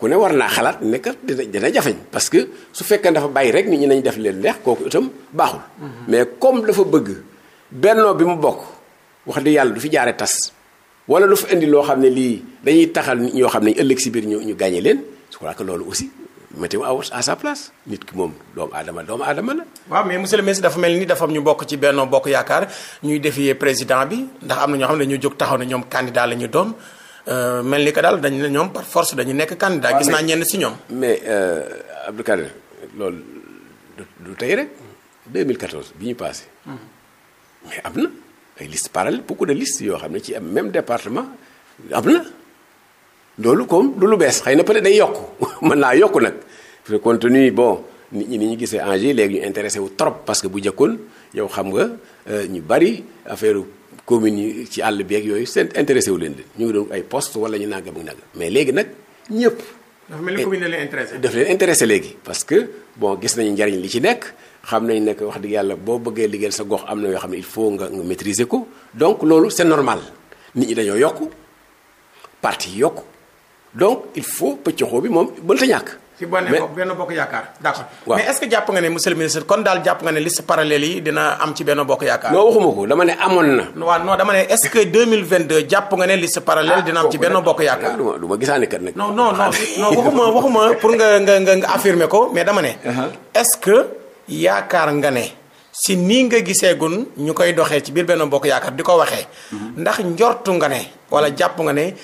ku ne war naa xalaat ne que dina dina jafeñ parce que su fekkee dafa bàyyi rek nit ñi nañ def leen neex kooku itam baaxul. Mhm. mais comme dafa bëgg bennoo bi mu bokk wax dëgg yàlla du fi jaare tas. wala lu fa indi loo xam ne lii dañuy taxal ñoo xam ne ëllëg si biir ñu ñu gaañe leen je crois que loolu aussi mettez-vous à sa place nit ki moom doomu aadama doomu aadama la. waaw mais monsieur le ministre dafa mel ni dafa am ñu bokk ci Benno Bokk Yaakaar ñuy défier président bi ndax am na ñoo xam ne ñoo jóg taxaw ne ñoom candidat la ñu doon euh, mel ni que daal dañ ne ñoom par force dañu nekk candidat. gis naa ñenn si ñoom. mais euh, Abdou Karim loolu du tey rek 2014 bi ñu passé. Hmm. mais am na ay listes parallèles beaucoup de yoo xam ne ci am même département am na. loolu comme du lu bees xëy na peut day yokk mën naa yokk nag parce que compte tenu bon nit ñi ni ñu gisee enjeu léegi ñu intéressé wu trop parce que bu njëkkoon yow xam nga euh, ñu bari affaire commune yi ci àll bi ak yooyu seen intéressé wu leen ñu ngi doon ay post wala ñu nangam ak nangam mais léegi nag ñëpp. dafa mel ni commune leen intéressé. daf léegi parce que bon gis nañu njariñ li ci nekk xam nañu nekk wax dëgg yàlla boo bëggee liggéeyal sa gox am na yoo xam ne il faut nga nga maîtriser ko donc loolu c'est normal nit ñi dañoo yokk parti yokk. donc il faut pëccoxoo bi moom mënta ñàkk. ci benn bokk yaakaar d'accord. waaw mais est jàpp nga ne monsieur ministre kon daal jàpp nga ne liste parallèle yi dina am ci benn bokk yaakaar. non waxuma ko dama ne amoon na. waaw non dama ne est-ce que 2022 jàpp nga ne liste parallèle dina am ci benn bokk yaakaar. du ma du ma gisaane kat nag. non non non waxuma waxuma pour nga nga nga affirmer ko mais dama ne. Uh-huh. est-ce yaakaar nga ne. si nii nga gisee gun ñu koy doxee ci biir benn bokk yaakaar di ko waxee. Mm-hmm. ndax njortu nga ne wala jàpp nga ne.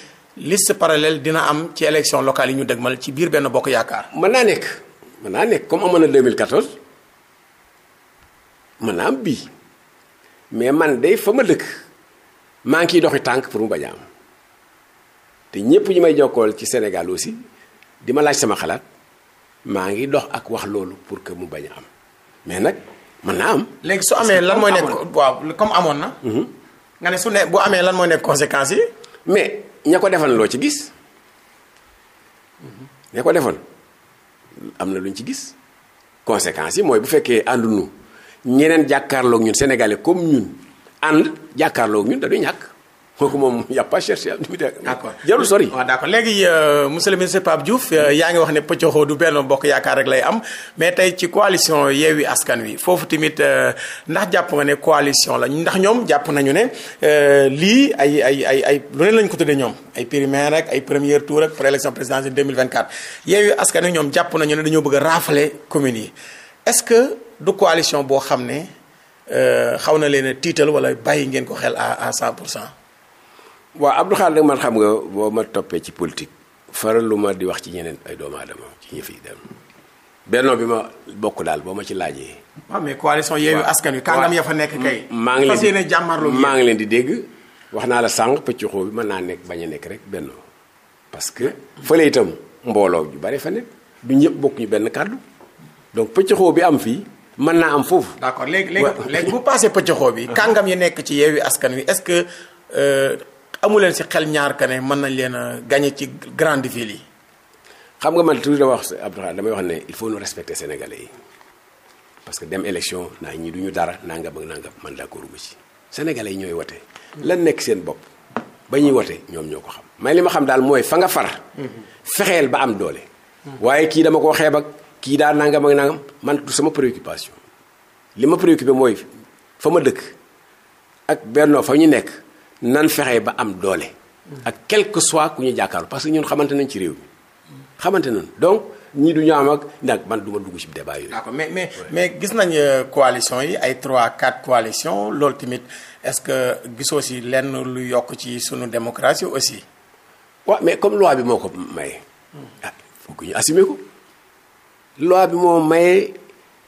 list parallèle dina am ci élection locale yi ñu dëgmal ci biir benn bokk yaakaar. mën naa nekk mën naa nekk comme amoon na 2014 mën naa am bii mais man day fa ma dëkk maa ngi ciy doxi tànk pour mu bañ a am te ñëpp ñi may jokkool ci Sénégal aussi di ma laaj sama xalaat maa ngi dox ak wax loolu pour que mu bañ a am mais nag mën naa am. léegi su amee lan mooy nekk waaw comme amoon na. Mhm. nga ne su ne bu amee lan mooy nekk conséquences yi mais. ña ko defal loo ci gis ña ko defal am na lu luñ ci gis conséquences yi mooy bu fekkee ànduñu ñeneen jàkkaarloog ñun sénégalais comme ñun ànd jàkkaarloog ñun da duy ñàkk kooku moom y' a pas cherché. d' accord jarul sori. waaw ah, d' accord léegi euh, monsieur le ministre Pape euh, yaa ngi wax ne pëccoxoo du benn bokk yaakaar rek lay am mais tey ci coalition Yewwi Askan Wi foofu tamit euh, ndax jàpp nga ne coalition la ndax ñoom jàpp nañu ne lii ay ay ay ay lu ne lañ ko tuddee ñoom ay primaire rek ay premier tour rek préélection présidentielle 2024 Yewwi Askan Wi ñoom jàpp nañu ne dañoo bëgg a raafale communes yi est ce que du coalition boo xam ne xaw na leen tiital wala bàyyi ngeen ko xel à à 100 pour cent. waaw Abdou Khadre man xam nga boo ma toppee ci politique faral lu ma di wax ci ñeneen ay doomu aadama ci ñi fi dem benno bi ma bokk daal boo ma ci laajee. waaw mais coalition Yewwi Askan Wi. kàngam ya fa nekk kay. maa ngi leen di maa ngi leen di dégg. wax naa la sànq pëcc xoo mën naa nekk bañ a nekk rek benno parce que fële itam mbooloo ju bari fa nekk du ñëpp benn kàddu donc pëcc bi am fii. mën naa am foofu. d'accord léegi léegi léegi bu paasee bi. kàngam yi nekk ci Yewwi Askan Wi est-ce que. Euh, amu leen si xel ñaar ka ne mën nañ leen a gagné ci grande ville yi. xam nga man toujours dama wax Abdou Khadre damay wax ne il faut ñu respecter sénégalais yi parce que dem élection naa ñi duñu dara nangam ak nangam man d'accord ma ci sénégalais yi ñooy wote lan nekk seen bopp ba ñuy wote ñoom ñoo ko xam may li ma xam daal mooy fa nga far fexeel ba am doole waaye kii dama koo xeeb ak kii daal nangam ak nangam man du sama préoccupation li ma préoccupé mooy fa ma dëkk ak bennoo fa ñu nekk nan fexe ba am doole. ak quelque que soit ku ñu jàkkaarloo parce que ñun xamante nañ ci réew mi xamante nañ donc ñii du ñu am ak nag man du ma dugg ci débat yooyu. ko mais mais mais gis nañ euh, coalition yi ay trois 4 coalition loolu tamit est-ce que gisoo si lenn lu yokk ci sunu démocratie aussi. waaw mais comme loi bi moo ko maye. ah foog ko. loi bi moo maye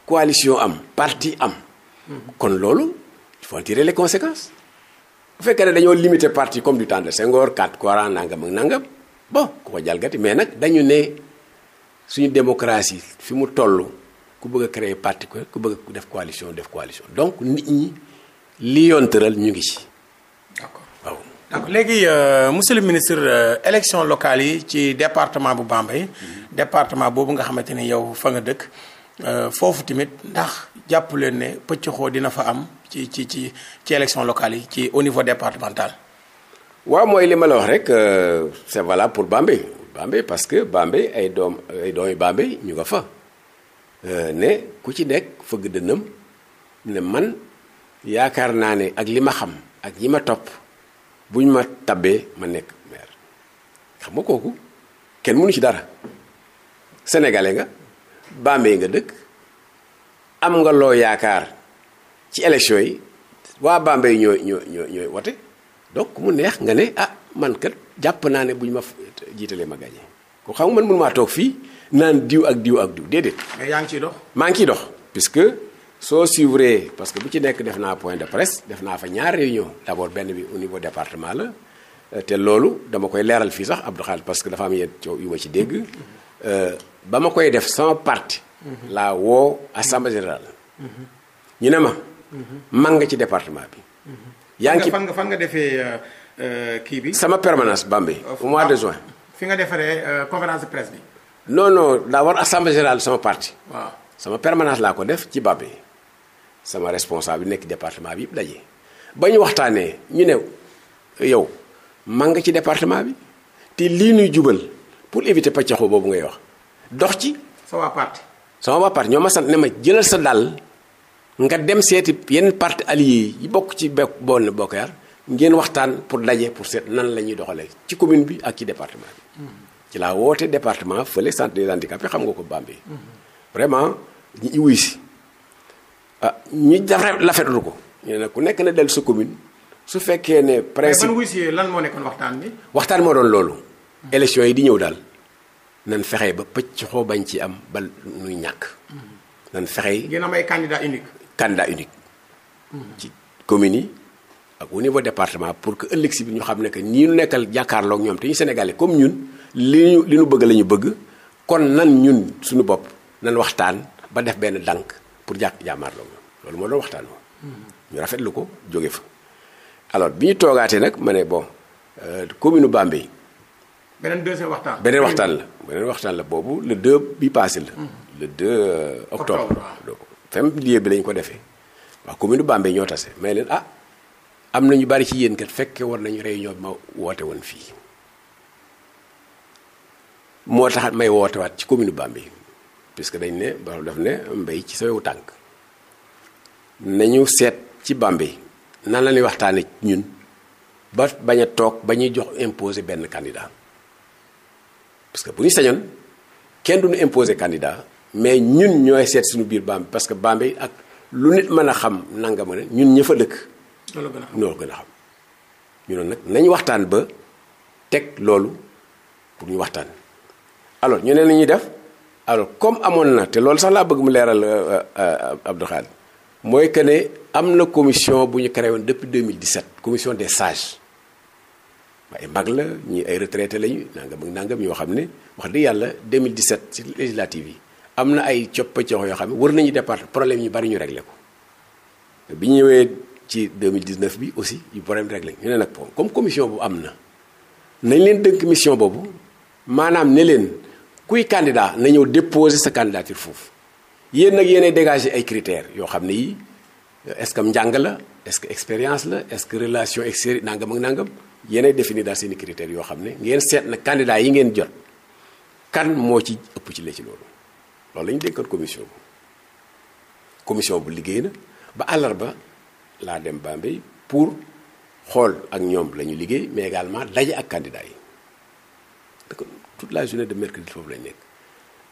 coalition am parti am. Hmm. kon loolu il faut en tirer les bu fekkee ne dañoo limité parti comme du temps de Senghor 4 40 nangam ak nangam bon ku ko jalgati mais nag dañu ne suñu démocratie fi mu toll ku bëgg créer parti ku bëgg def coalition def coalition donc nit ñi li yoon tëral ñu ngi ci. d'accord waaw. donc léegi euh, monsieur le ministre euh, élection locale yi ci département bu Bambey. Mhm. département boobu nga xamante ni yow fa nga dëkk euh, foofu tamit ndax. jàpp leen ne pëccëxoo dina fa am ci ci ci ci élection locale yi ci au niveau départemental. waaw mooy li ma la wax rek euh, c'est valable pour Bambey Bambey parce que Bambey ay doom ay doomi Bambey ñu nga fa euh, ne ku ci nekk fëgg dënnam ne man yaakaar naa ne ak li ma xam ak ñi ma topp buñ ma tabbee ma nekk maire xam nga kooku kenn mënu ci dara sénégalais nga Bambey nga dëkk am nga loo yaakaar ci élection yi waa Bambey ñoo ñoo ñoo ñooy wote donc mu neex nga ne ah man kat jàpp naa ne bu ñu ma jiitalee ma gagné ko xam nga man mënumaa toog fii naan diw ak diw ak diw déedéet. mais yaa ngi ciy dox. maa ngi ciy dox puisque soo suivre parce que bu ci nekk def naa point de presse def naa fa ñaar réunion d' abord benn bi au niveau département la. Euh, te loolu dama koy leeral fii sax Abdou Khadre parce que dafa am yenn coow yu ma ci dégg euh, ba ma koy def sama parti laa woo assemblée générale ñu ne ma man nga ci département bi yaa ngi ci fan nga fan nga defee euh, euh, kii bi sama permanence Bambey euh, au mois de ah, juin fi nga defaree conférence de bi non non daa war assemblée générale sama parti sama permanence laa ko def ci Bambey sama responsable bi nekk département bi yëpp daje ba ñu waxtaanee ñu ne yow man nga ci département bi te lii nuy jubal pour éviter pàccaxoo boobu ngay wax dox ci sa parti sama waa parti ñoo ma sant ne ma jëlal sa dàll nga dem seeti yenn parti alliés yi bokk ci be Benno Bokk Yaakaar ngeen waxtaan pour daje pour seet nan la ñuy doxalee ci commune bi ak ci département bi. Hmm. ci laa woote département fële centre des handicapés xam nga ko Bambey. vraiment ñu wuy si ah ñu def lafetlu ko ñu ne ku nekk na dellu sa commune su fekkee ne. principe lan moo nekkoon waxtaan bi. waxtaan moo doon loolu. Hmm. élection yi di ñëw daal. nan fexee ba pëcc xoo bañ ci am ba nuy ñàkk. nan fexe. ngeen am ay candidat unique. candidat unique. ci communes yi ak au niveau département pour que ëllëg si bi ñu xam ne que nii ñu nekkal jàkkaarloog ñoom te ñu Sénégalais comme ñun li ñu li ñu bëgg la ñu bëgg kon nan ñun suñu bopp nan waxtaan ba def benn dànk pour jàkk jàmmaarloog loolu moo doon waxtaan moom. ñu rafetlu ko jóge fa alors bi ñu toogaatee nag ma ne bon euh, commune Bambey. beneen deuxième waxtaan. beneen waxtaan la beneen waxtaan la boobu le 2 bi passé la. Mm. le 2 euh, octobre. fem lieu bi lañ ko defee waa commune Bambey ñoo tase may leen ah am na ñu bari ci yéen kat fekke war nañu réunion ñoo ma woote woon fii moo tax may woote waat ci commune Bambey que dañ ne ba def ne mbay ci sawewu tànk nañu seet ci Bambey nan la ñuy waxtaane ñun ba bañ a toog ba ñuy jox imposé benn candidat parce que bu ñu sañoon kenn du ñu imposer candidat mais ñun ñooy seet suñu biir Bambey parce que Bambey ak lu nit mën a xam nanga ma ne ñun ña fa dëkk. loolu gën a xam gën a xam. ñu noonu nag nañu waxtaan ba teg loolu pour ñu waxtaan alors ñu ne la ñuy def alors comme amoon na te loolu sax laa bëgg mu leeral euh, euh, euh, Abdou Khadre mooy que ne am na commission bu ñu créé woon depuis 2017 commission des sages. ay mag la ñi ay retraité lañu nangam nàngam nangam ñoo xam ne wax dëgg yàlla deux 2017 ci législative yi am na ay coppa coox yoo xam ne war nañu départ problème yu bari ñu réglé ko bi ñu ñëwee ci 2019 bi aussi yu problème réglé ñu ne nag comme commission bu am na nañ leen dëkk mission boobu maanaam ne leen kuy candidat na ñëw déposer sa candidature foofu yéen nag yéenay dégager ay critères yoo xam ne yi est-ce que njàng la est-ce que expérience la est-ce que relation extérieure nangam ak nangam yeneen définir daal seen i yoo xam ne ngeen seet na candidat yi ngeen jot kan moo ci ëpp ci la ci loolu loolu la ñu dénkoon commission commission bu liggéey na ba àllarba laa dem Bambey pour xool ak ñoom la ñu liggéey mais également daje ak candidat yi d'accord toute la journée de mercredi foofu la ñu nekk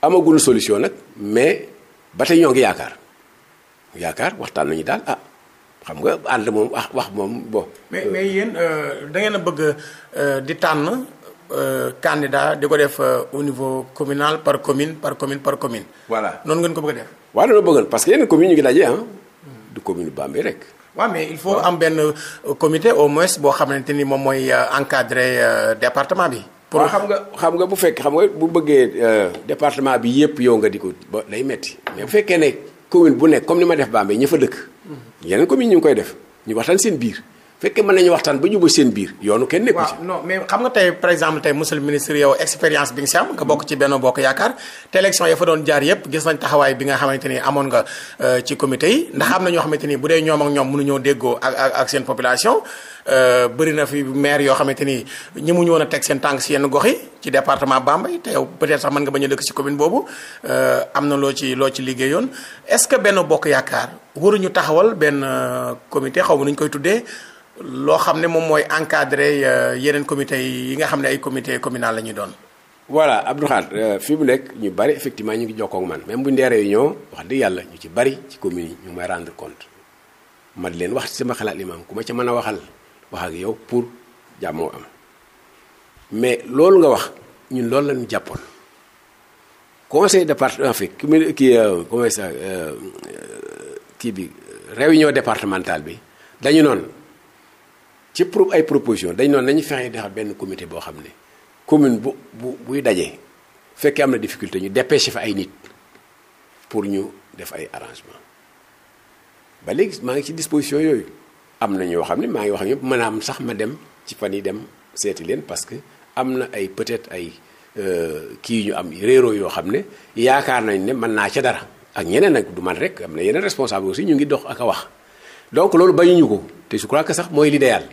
amaguñu solution nag mais ba tey ñoo ngi yaakaar yaakaar waxtaan nañu daal ah, xam nga ànd moom wax wax moom bon. mais mais yéen euh, da ngeen a bëgg euh, di tànn euh, candidat di ko def au niveau communal par commune par commune par commune. voilà noonu ngeen ko bëgg a def. waaw loolu bëggal parce que yenn commune ñu ngi daje ah. du commune Bambey rek. waaw mais il faut am benn comité au moins boo xamante ni moom mooy encadrer département bi. pour xam nga xam nga bu fekk xam nga bu bëggee département bi yépp yow nga di ko ba day metti mais bu fekkee ne commune bu nekk comme ni ma def Bambey ña fa dëkk. yeneen communes ñu ngi koy def ñu waxtaan seen biir fekkee mën nañu waxtaan ba jubóo seen biir yoonu kenn nekku ci. waaw non mais xam nga tey par exemple tey monsieur le ministre yow expérience bi nga si nga bokk ci benn bokk yaakaar te jaar yépp gis nañ taxawaay bi nga xamante ni amoon nga euh, ci comité yi ndax am na ñoo xamante ni bu dee ñoom ak ñoom mënuñoo déggoo ak ak seen population euh, bëri na fi maire yoo xamante ni ñi mu ñu teg seen tànk si yenn gox yi ci département Bambey te yow peut-être sax mën nga si commune boobu euh, am na loo ci loo ci liggéeyoon est-ce que benn bokk yaakaar waruñu taxawal benn comité xaw ma nu ñu koy tuddee loo xam ne moom mooy encadrer euh, yeneen comité yi nga xam ne ay comité communal la ñuy doon. voilà Abdou Khadre euh, fi mu nekk ñu bari effectivement ñu ngi jokkoo ak man même bu ndeeree réunion wax dëgg yàlla ñu ci bari ci commune yi ñu may rendre man leen wax ci sama xalaat ku ma ca mën a waxal wax ak yow pour jàmmoo am mais loolu nga wax ñun loolu la ñu jàppoon conseil département fi ki kii euh, comment ça kii bi réunion départementale bi dañu noonu. ci pro ay proposition dañ noonu nañu fexe defar benn comité boo xam ne commune bu bu buy daje fekkee am na difficulté ñu dépêché fa ay nit pour ñu def ay arrangement ba léegi maa ngi ci disposition yooyu am na ñoo xam ne maa ngi wax ñëpp mën a am sax ma dem ci fan yi dem seeti leen parce que am na ay peut-être ay euh, kii ñu am réero yoo xam ne yaakaar nañ ne mën naa ca dara ak ñeneen ak du man rek am na yeneen responsable si ñu ngi dox ak wax donc loolu bañuñu ko te je crois que sax mooy l'idéal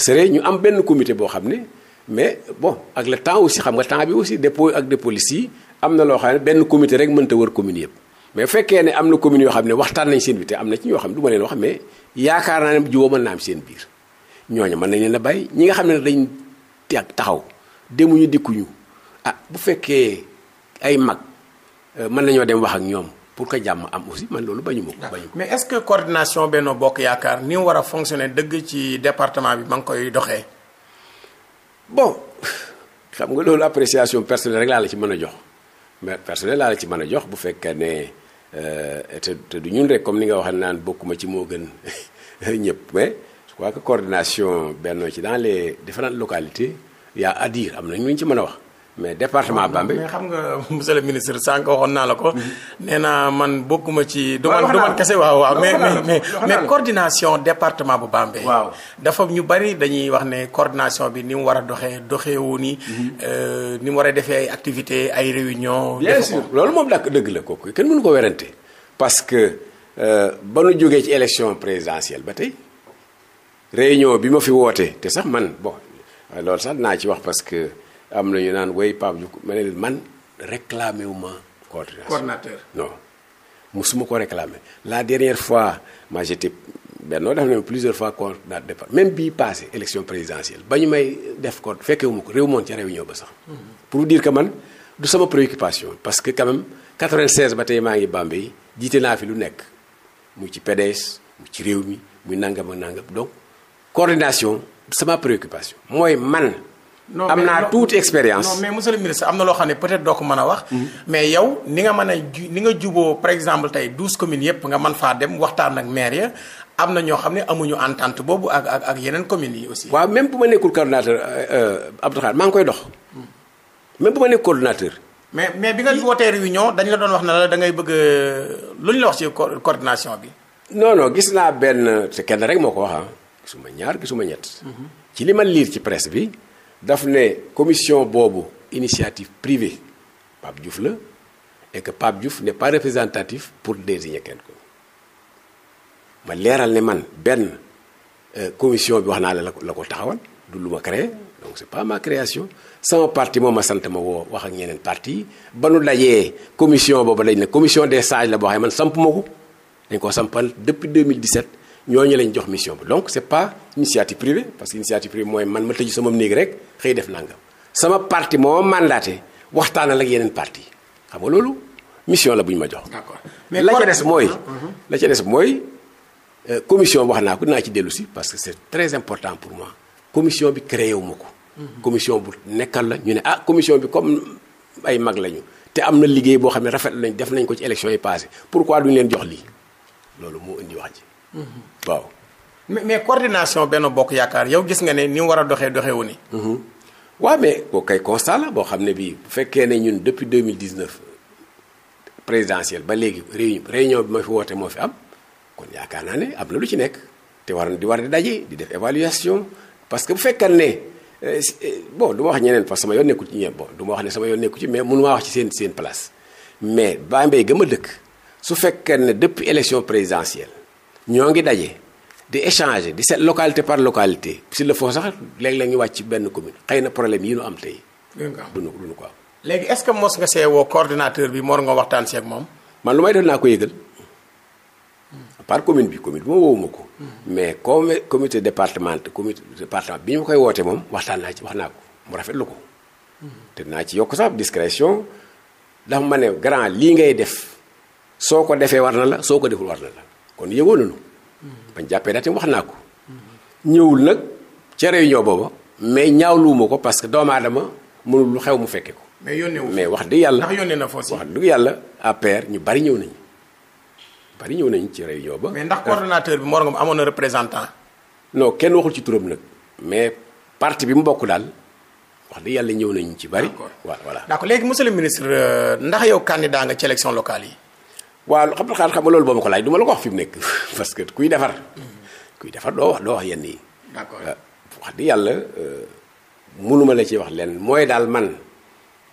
ce ñu am benn comité boo xam ne mais bon ak le temps aussi xam nga temps bi aussi dépôt ak dépôt yi am na loo xam ne benn comité rek mënta wër commune yëpp mais fekkee ne am na commune yoo xam ne waxtaan nañ seen biir am na ci ñoo xam ne du ma leen wax mais yaakaar naa ne jubóo mën na am seen biir ñooñu mën nañ leen a bàyyi ñi nga xam ne dañ taxaw dikku ñu ah bu fekkee ay mag euh, mën nañoo dem wax ak ñoom pour que jàmm am aussi man loolu bañu ma ko. mais est-ce que coordination Benno Bokk Yaakaar ni mu war a fonctionner dëgg ci département bi ma ngi koy doxee. bon xam nga loolu appréciation personnelle rek laa la ci mën a jox mais personnel laa la ci mën a jox bu fekkee ne euh, te te du ñun rek comme ni nga waxee naan bokkuma ci moo gën ñëpp mais je crois que coordination Benno ci dans les différentes localité yaa a à am na ñu ñu ci mën a wax. mais département Bambey. mais xam nga monsieur le ministre sànq waxoon naa la ko. nee naa man bokkuma ci. du man du kese waaw waaw. mais mais mais coordination département bu Bambey. waaw dafa ñu bari dañuy wax ne coordination bi ni mu war a doxee doxewu ni. Mhm. Euh, ni mu war a defee ay activités ay réunions. bien sûr loolu moom dàkk dëgg la kooku kenn mënu ko werante parce que euh, ba nu jógee ci élection présidentielle ba tey réunion bi ma fi wootee te sax man bon loolu sax naa ci wax parce que. am na ñu naan way Pape Diouf ma ne leen man réclamé wu ma coordination coordinateur non musuma ko réclamé la dernière fois ma j'étais Benno def nañu plusieurs fois coordinateur départ même bii passé élection présidentielle ba ñu may def ko fekkewu ma ko réew moom ca réunion ba sax mhm. pour dire que man du sama préoccupation parce que quand même 96 ba tey maa ngi Bambey jiite naa fi lu nekk mu ci PDS mu ci réew mi muy nangam ak nangam donc coordination sama préoccupation mooy man am naa tuuti expérience. mais monsieur le ministre am na loo xam ne peut-être doo ko mën a wax. Mm-hmm. mais yow ni nga mën a ju ni nga juboo par exemple tey douze commune yëpp nga man faa dem waxtaan ak maire ya am na ñoo xam ne amuñu entente boobu ak ak ak yeneen communes yi aussi. waaw même bu ma nekkul coordonnateur euh, euh, Abdou Khadre maa ngi koy dox mm. même bu ma nekk coordonnateur. mais mais bi nga wootee réunion dañ la doon wax na la dangay bëgg euh, lu ñu la wax ci coordination bi. non non gis naa benn kenn rek moo ko wax ah gisuma ñaar gisuma ñett. Mm-hmm. ci li ma liir ci presse bi. daf ne commission boobu initiative privée Pape Diouf la et que Pape Diouf n'est pas représentative pour désigner quelqu'un ma leeral ne man benn euh, commission bi wax naa la la ko taxawal du ma créé donc c'est pas ma création sama parti moom ma sant ma woo wax ak ñeneen parti ba nu dajee commission boobu dañ ne commission des sages la boo xam ne man samp ma ko dañ koo sampal depuis 2017 ñooñu lañ jox mission bi donc c' est pas initiative privée parce que initiative privée mooy man ma tëju sama néeg rek xëy def nga sama parti moo mandaté waxtaanal ak yeneen parti xam nga loolu mission la bu ñu ma jox. d'accord mais ah, ah, ah. la ca des mooy. la ca des mooy commission wax naa ko dinaa ci dellusi parce que c' est très important pour moi commission bi créé wu ma ko. Mhm. commission bu nekkal la ñu ne ah commission bi comme ay mag lañu te am na liggéey boo xam ne rafet nañ def nañ ko ci élection yi passé pourquoi duñu leen jox lii loolu moo indi wax waaw. mais mais coordination benn bokk yaakaar yow gis nga ne ni war a doxee doxewu ni. Mhm. waaw mais boo koy constat la boo xam ne bii bu fekkee ne ñun depuis 2019 présidentielle ba léegi réunion réunion bi ma fi woote moo fi am kon yaakaar naa ne am na lu ci nekk te war na di war di daje di def évaluation parce que bu fekkee ne. Euh, euh, bon du wax ñeneen parce que sama yoon nekku ci ñoom bon du wax ne sama yoon nekku ci mais mënu maa wax ci seen seen place mais Bambey gëm a dëkk su fekkee ne depuis élection présidentielle ñoo ngi daje di échanger di seet localité par localité si le faut sax léeg-léeg ñu wàcc benn commune xëy na problème yi nu am tey. du ñu ko am. léegi est-ce que mos nga seewoo coordinateur bi mor nga waxtaan seeg moom. man lu may def naa ko yëgal par commune bi commune bi ma woowuma ko. mais comme comité département comité département bi ñu koy woote moom waxtaan naa ci wax naa ko mu rafetlu ko. te naa ci yokk sax discrétion dafa ma ne grand lii ngay def soo ko defee war soo ko deful kon yëgoon nañu. bañ jàppee daal wax naa ko. ñëwul nag ca réunion boobu mais ñaaw ñaawluwuma ko parce que doomu aadama mënul lu xew mu fekke ko. mais yónnee wu mais wax dëgg yàlla ndax yónnee na fos wax dëgg yàlla APR ñu bari ñëw nañu bari ñëw nañu ci réunion ba. mais ndax coordonnateur bi Mor Ngom amoon représentant. non kenn waxul ci turam nag mais parti bi mu bokk daal wax dëgg yàlla ñëw nañu ci bari. voilà voilà. d'accord léegi monsieur le ministre euh, ndax yow candidat nga ci élection locale yi. waaw xam nga xam nga loolu boo ma ko laaj du la ko wax fi mu nekk parce que kuy defar. kuy defar doo wax doo wax yenn yi. d'accord ah, wax di yàlla euh, mënuma la ci wax leen mooy daal man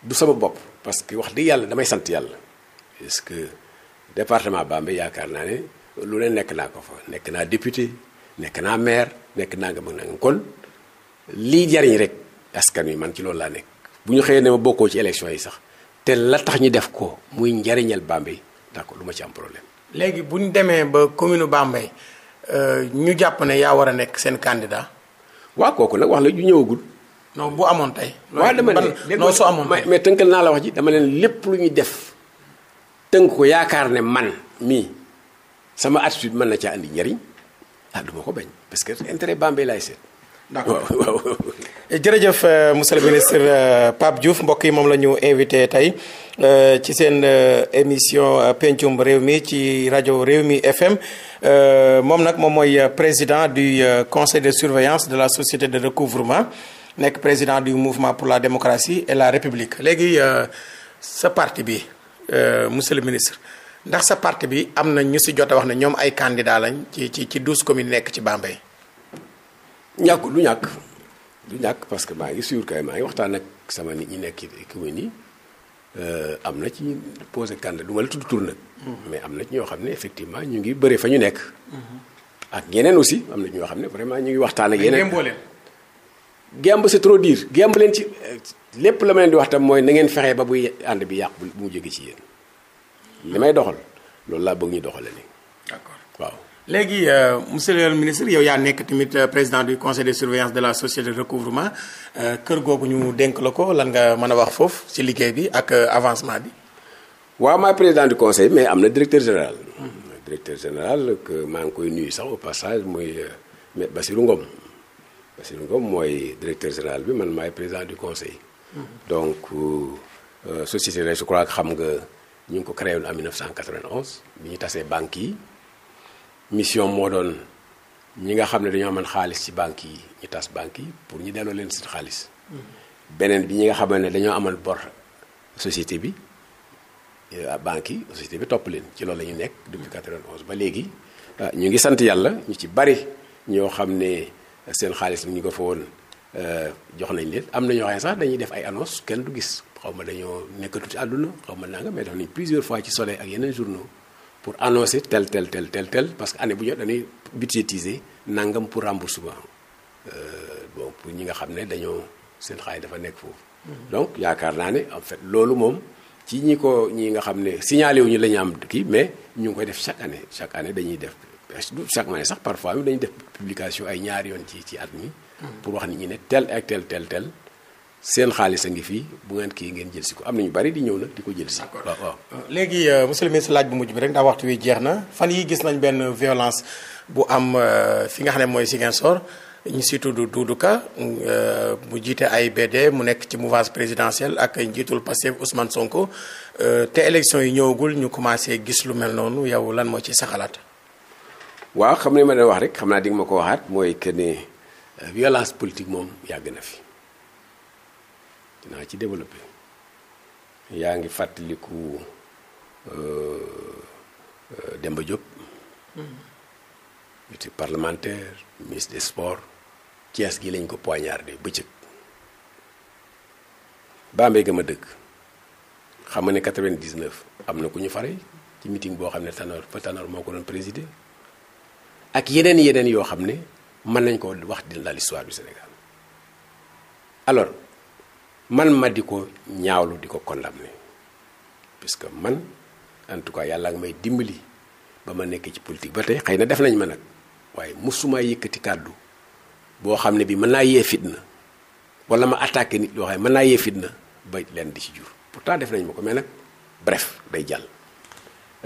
du sama bopp parce que wax di yàlla damay sant yàlla. parce que département Bambey yaakaar naa ne lu ne nekk naa ko fa nekk naa député nekk naa maire nekk naa nga mën na kon lii jariñ rek askan wi man ci loolu laa nekk. bu ñu xëyee ne ma bokkoo ci élection yi sax te la tax ñu def ko muy njariñal Bambey. naa ko lu ma ci am problème. léegi bu ñu demee ba commune Bambey euh, ñu jàpp ne yaa war a nekk seen candidat. waaw kooku nag wax la ñu ñëwagul. non bu amoon tey. waaw dama ne non su amoon tey mais tënkal naa la wax ji dama leen lépp lu ñu def tënk ko yaakaar ne man mii sama attitude mën na caa indi njariñ ah duma ko bañ parce que intérêt Bambey laay seet. d'accord waaw. jërëjëf euh, monsieur le ministre euh, Pape Diouf mbokk yi moom la ñu invité tey euh, ci seen émission pencum réew mi ci rajo réew mi FM moom nag moom mooy président du conseil de surveillance de la société de recouvrement nekk président du mouvement pour la démocratie et la république léegi sa parti bi monsieur le ministre ndax sa parti bi am na ñu si jot a wax ne ñoom ay candidat lañ ci ci ci douze communes nekk ci Bambey. ñàkk du ñàkk. du ñàkk parce que maa ngi suur kay maa ngi waxtaan ak sama nit ñu nekk commune yi euh, am na ci posé candidat du ma la tudd tur mm-hmm. mais am na ci ñoo xam ne effectivement ñu ngi bëre fa ñu nekk. Mm-hmm. ak yeneen aussi am na ñoo xam ne vraiment ñu ngi waxtaan ak yeneen. gemb c'est trop dire gemb leen ci euh, lépp la ma leen di wax tam mooy na ngeen fexe ba buy ànd bi yàq bu mu jóge ci yéen. li may doxal loolu laa bëgg ñu doxale ni léegi euh, monsieur le ministre yow yaa nekk tamit euh, président du conseil de surveillance de la société de recouvrement euh, kër googu ñu dénk la ko lan nga mën a wax foofu ci liggéey bi ak avancement bi. waaw maay président du conseil mais am na directeur général. Mm-hmm. directeur général que maa ngi koy nuyu sax au passage muy maître Bassirou Ngom Bassirou Ngom mooy directeur général bi man maay président du conseil. Mm-hmm. donc société la je crois xam nga ñu ngi ko créé woon en bi ñu tasee banques yi. mission moo doon ñi nga xam ne dañoo amoon xaalis ci banques yi ñu tas banques yi pour ñu delloo leen seen xaalis. Mm-hmm. beneen bi ñi nga xamal ne dañoo amoon bor société bi euh, banque yi société bi topp leen ci loolu la ñu nekk depuis 91 ba léegi. Euh, ñu ngi sant yàlla ñu ci bari ñoo xam ne seen xaalis mi ñu ko fa woon euh, jox nañ leen am na ñoo xam ne sax dañuy def ay annonce kenn du gis xaw ma dañoo nekkatu ci àdduna xaw ma naa nga mais def nañ plusieurs fois yeneen journaux. pour annoncer tel tel tel tel parce que année bu jot dañuy budgétiser nangam pour remboursement euh, bon pour ñi nga xam ne dañoo seen xaalis dafa nekk foofu. Mm-hmm. donc yaakaar naa ne en fait loolu moom ci ñi ko ñi nga xam ne signalé wu ñu am kii mais ñu ngi koy def chaque anne chaque année dañuy def chaque année sax parfois dañuy def publication ay ñaari yoon ci ci at mi. Mm-hmm. pour wax nit ñi ne tel ak tel tel. seen xaalis a ngi fii bu ngeen kii ngeen jël si ko am nañu bari di ñëw nag di ko jël si. d'accord waaw waaw. Euh, léegi euh, monsieur le laaj bu mujj bi rek ndax waxtu wi jeex na fan yi gis nañ benn violence bu am euh, fi nga xam ne mooy Ziguinchor ñu si tudd Doudou Ka mu jiite AIBD mu nekk ci mouvance présidentielle ak njiitul Pastef Ousmane Sonko te élection yi ñëwagul ñu commencé gis lu mel noonu yow lan moo ci sa xalaat. xam ne ma doon wax rek xam naa di ma ko waxaat mooy que ne violence politique moom yàgg na fi. dinaa ci développe yaa ngi fàttaliku euh, euh, Demba Diop. Mm-hmm. était parlementaire ministre des sports Thiès gi lañ ko poignardé bëccëg Bambey ga ma dëkk xam nga ne 99 am na ku ñu fare ci meeting boo xam ne Tanor fa Tanor moo ko doon présider ak yeneen yeneen yoo xam ne mën nañ ko wax di la l'histoire du Sénégal man ma di ko ñaawlu di ko condamné parce que man en tout cas yàlla nga may dimbali ba ma nekkee ci politique ba tey xëy na def nañ ma nag waaye musuma yëkkati kàddu boo xam ne bi mën naa yee fitna wala ma attaqué nit yoo mën naa yee fitna ba leen di ci jur pourtant def nañ ma ko mais nag bref day jàll.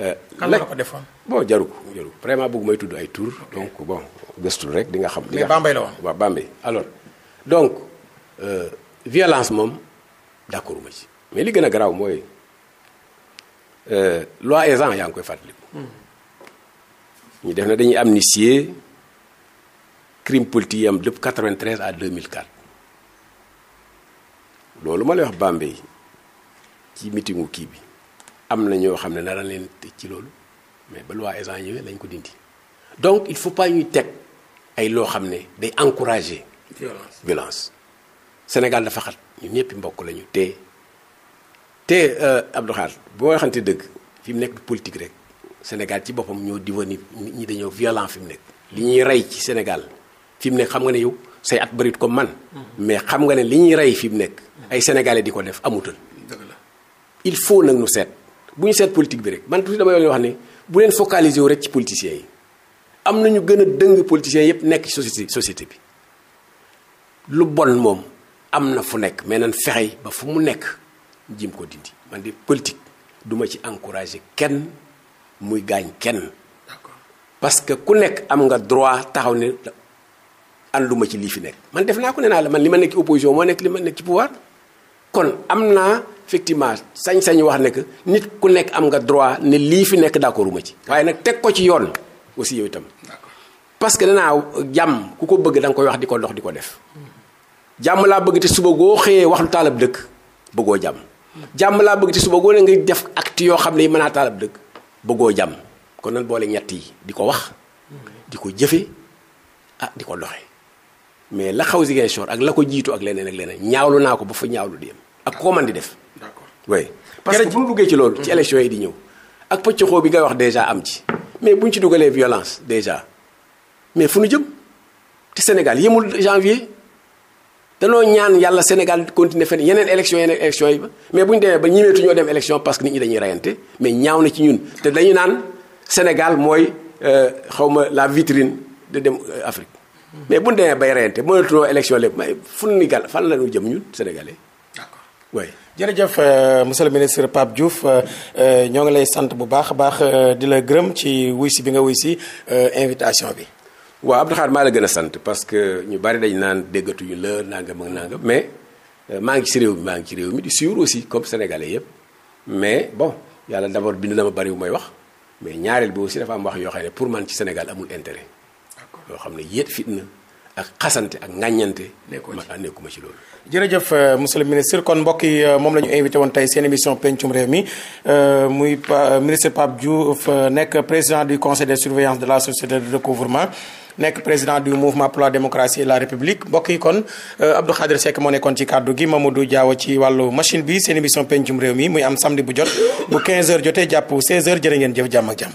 Euh, kan la ko defoon bon jaru ko jaru ko vraiment bëgg may tudd ay tour donc bon gëstul rek di nga xam. li la woon waaw Bambey alors donc. Euh, violence moom d'accord ma ci mais li gën a garaw mooy euh, loi Ezzan yaa ngi koy fàttaliku. ñu def na dañuy amnistier crime politique yi am lépp 93 à deux mille 2004 loolu ma lay wax Bambey ci meetingu kii bi am na ñoo xam ne nara leen tëj ci loolu mais ba loi Ezzan ñëwee lañ ko dindi donc il faut pas ñuy teg ay loo xam ne day encourager violence violence Sénégal dafa xat ñu ñëpp mbokk lañu te te euh, Abdou Khadre boo waxante dëgg fi mu nekk politique rek Sénégal ci boppam ñoo devenir ñi dañoo violent fi mu nekk. li ñuy rey ci Sénégal fi mu nekk xam nga ne yow say at bërit comme man. Mm-hmm. mais xam ne li ñuy rey fi mu nekk. Mm-hmm. ay sénégalais di ko def amutal. il faut nag nu seet bu ñu seet politique bi rek man tuuti dama leen wax ne bu leen focaliser wu rek ci politiciens yi am na ñu gën a dëng politiciens yëpp nekk ci société société bi lu bon moom. am na fu nekk mais nan fexe ba fu mu nekk jim ko dindi man de politique duma ci encourager kenn muy gaañ kenn parce que ku nekk am nga droit taxaw ne ànduma ci lii fi nekk man def naa ko nee naa la man li ma nekk ci opposition moo nekk li ma nekk ci pouvoir kon am naa effectivement sañ-sañ wax ne que nit ku nekk am nga droit ne lii fi nekk d'accorduma ci waaye nag teg ko ci yoon aussi yow itam parce que nee jàmm ku ko bëgg da koy wax di ko dox di ko def hmm. jàmm laa bëgg te suba goo xëyee wax lu taalab dëkk bëggoo jàmm jàmm laa bëgg te suba goo ne ngay def acte yoo xam ne mën naa taalab dëkk bëggoo jàmm kon nan boole ñett yi di ko wax di ko jëfe ah di ko doxe mais la xaw Ziguinchor ak la ko jiitu ak leneen ak leneen ñaawlu naa ko ba fa ñaawlu di yem ak koo man di def. d'accord oui parce que bu ñu duggee ci loolu. ci élection yi di ñëw ak pëccoxoo bi ngay wax déjà am ci. mais bu ñu ci dugalee violence déjà mais fu ñu Sénégal yemul janvier. danoo ñaan yàlla Sénégal continuer fenn yeneen élection yeneen élection yi ba mais bu ñu demee ba ñimeetu ñoo dem élection parce que nit ñi dañuy reyante mais ñaaw na ci ñun te dañu naan Sénégal mooy euh, xawma la vitrine de dem euh, Afrique mais bu ñu demee bay reyante mënatuñoo élection lépp mais fu ni gàll fan la ñu jëm ñun sénégalais. d'accord oui. jërëjëf euh, monsieur le ministre Pape Diouf ñoo ngi lay sant bu baax a baax di la gërëm ci wuy si bi nga wuy si invitation bi. waaw Abdou Khadre maa la gën a sant parce que ñu bari dañ naan déggatuñu la nangam ak nangam mais euh, maa ngi ci réew mi maa ngi ci réew mi di suivre aussi comme sénégalais yëpp mais bon yàlla d'abord bind na ma bari wu may wax mais ñaareel bi aussi dafa am wax yoo xam ne pour man ci Sénégal amul intérêt. yoo xam ne yéet fitna ak xasante ak ŋàññante. nekkuma ci nekkuma ci loolu. jërëjëf euh, monsieur le ministre kon mbokk yi euh, moom la ñu invité woon tey seen émission pencum réew mi muy ministre Pape Diouf nekk président du conseil de surveillance de la société de nekk président du mouvement pour la démocratie et la république mbokk yi kon euh, Abdou Khadre Seck moo nekkoon ci kàddu gi ma Mamadou Diaw ci wàllu machine bi seen émission pencum réew mi muy am samedi bu jot bu 15h jotee jàpp 16h jërë ngeen jëf jàmm ak jàmm.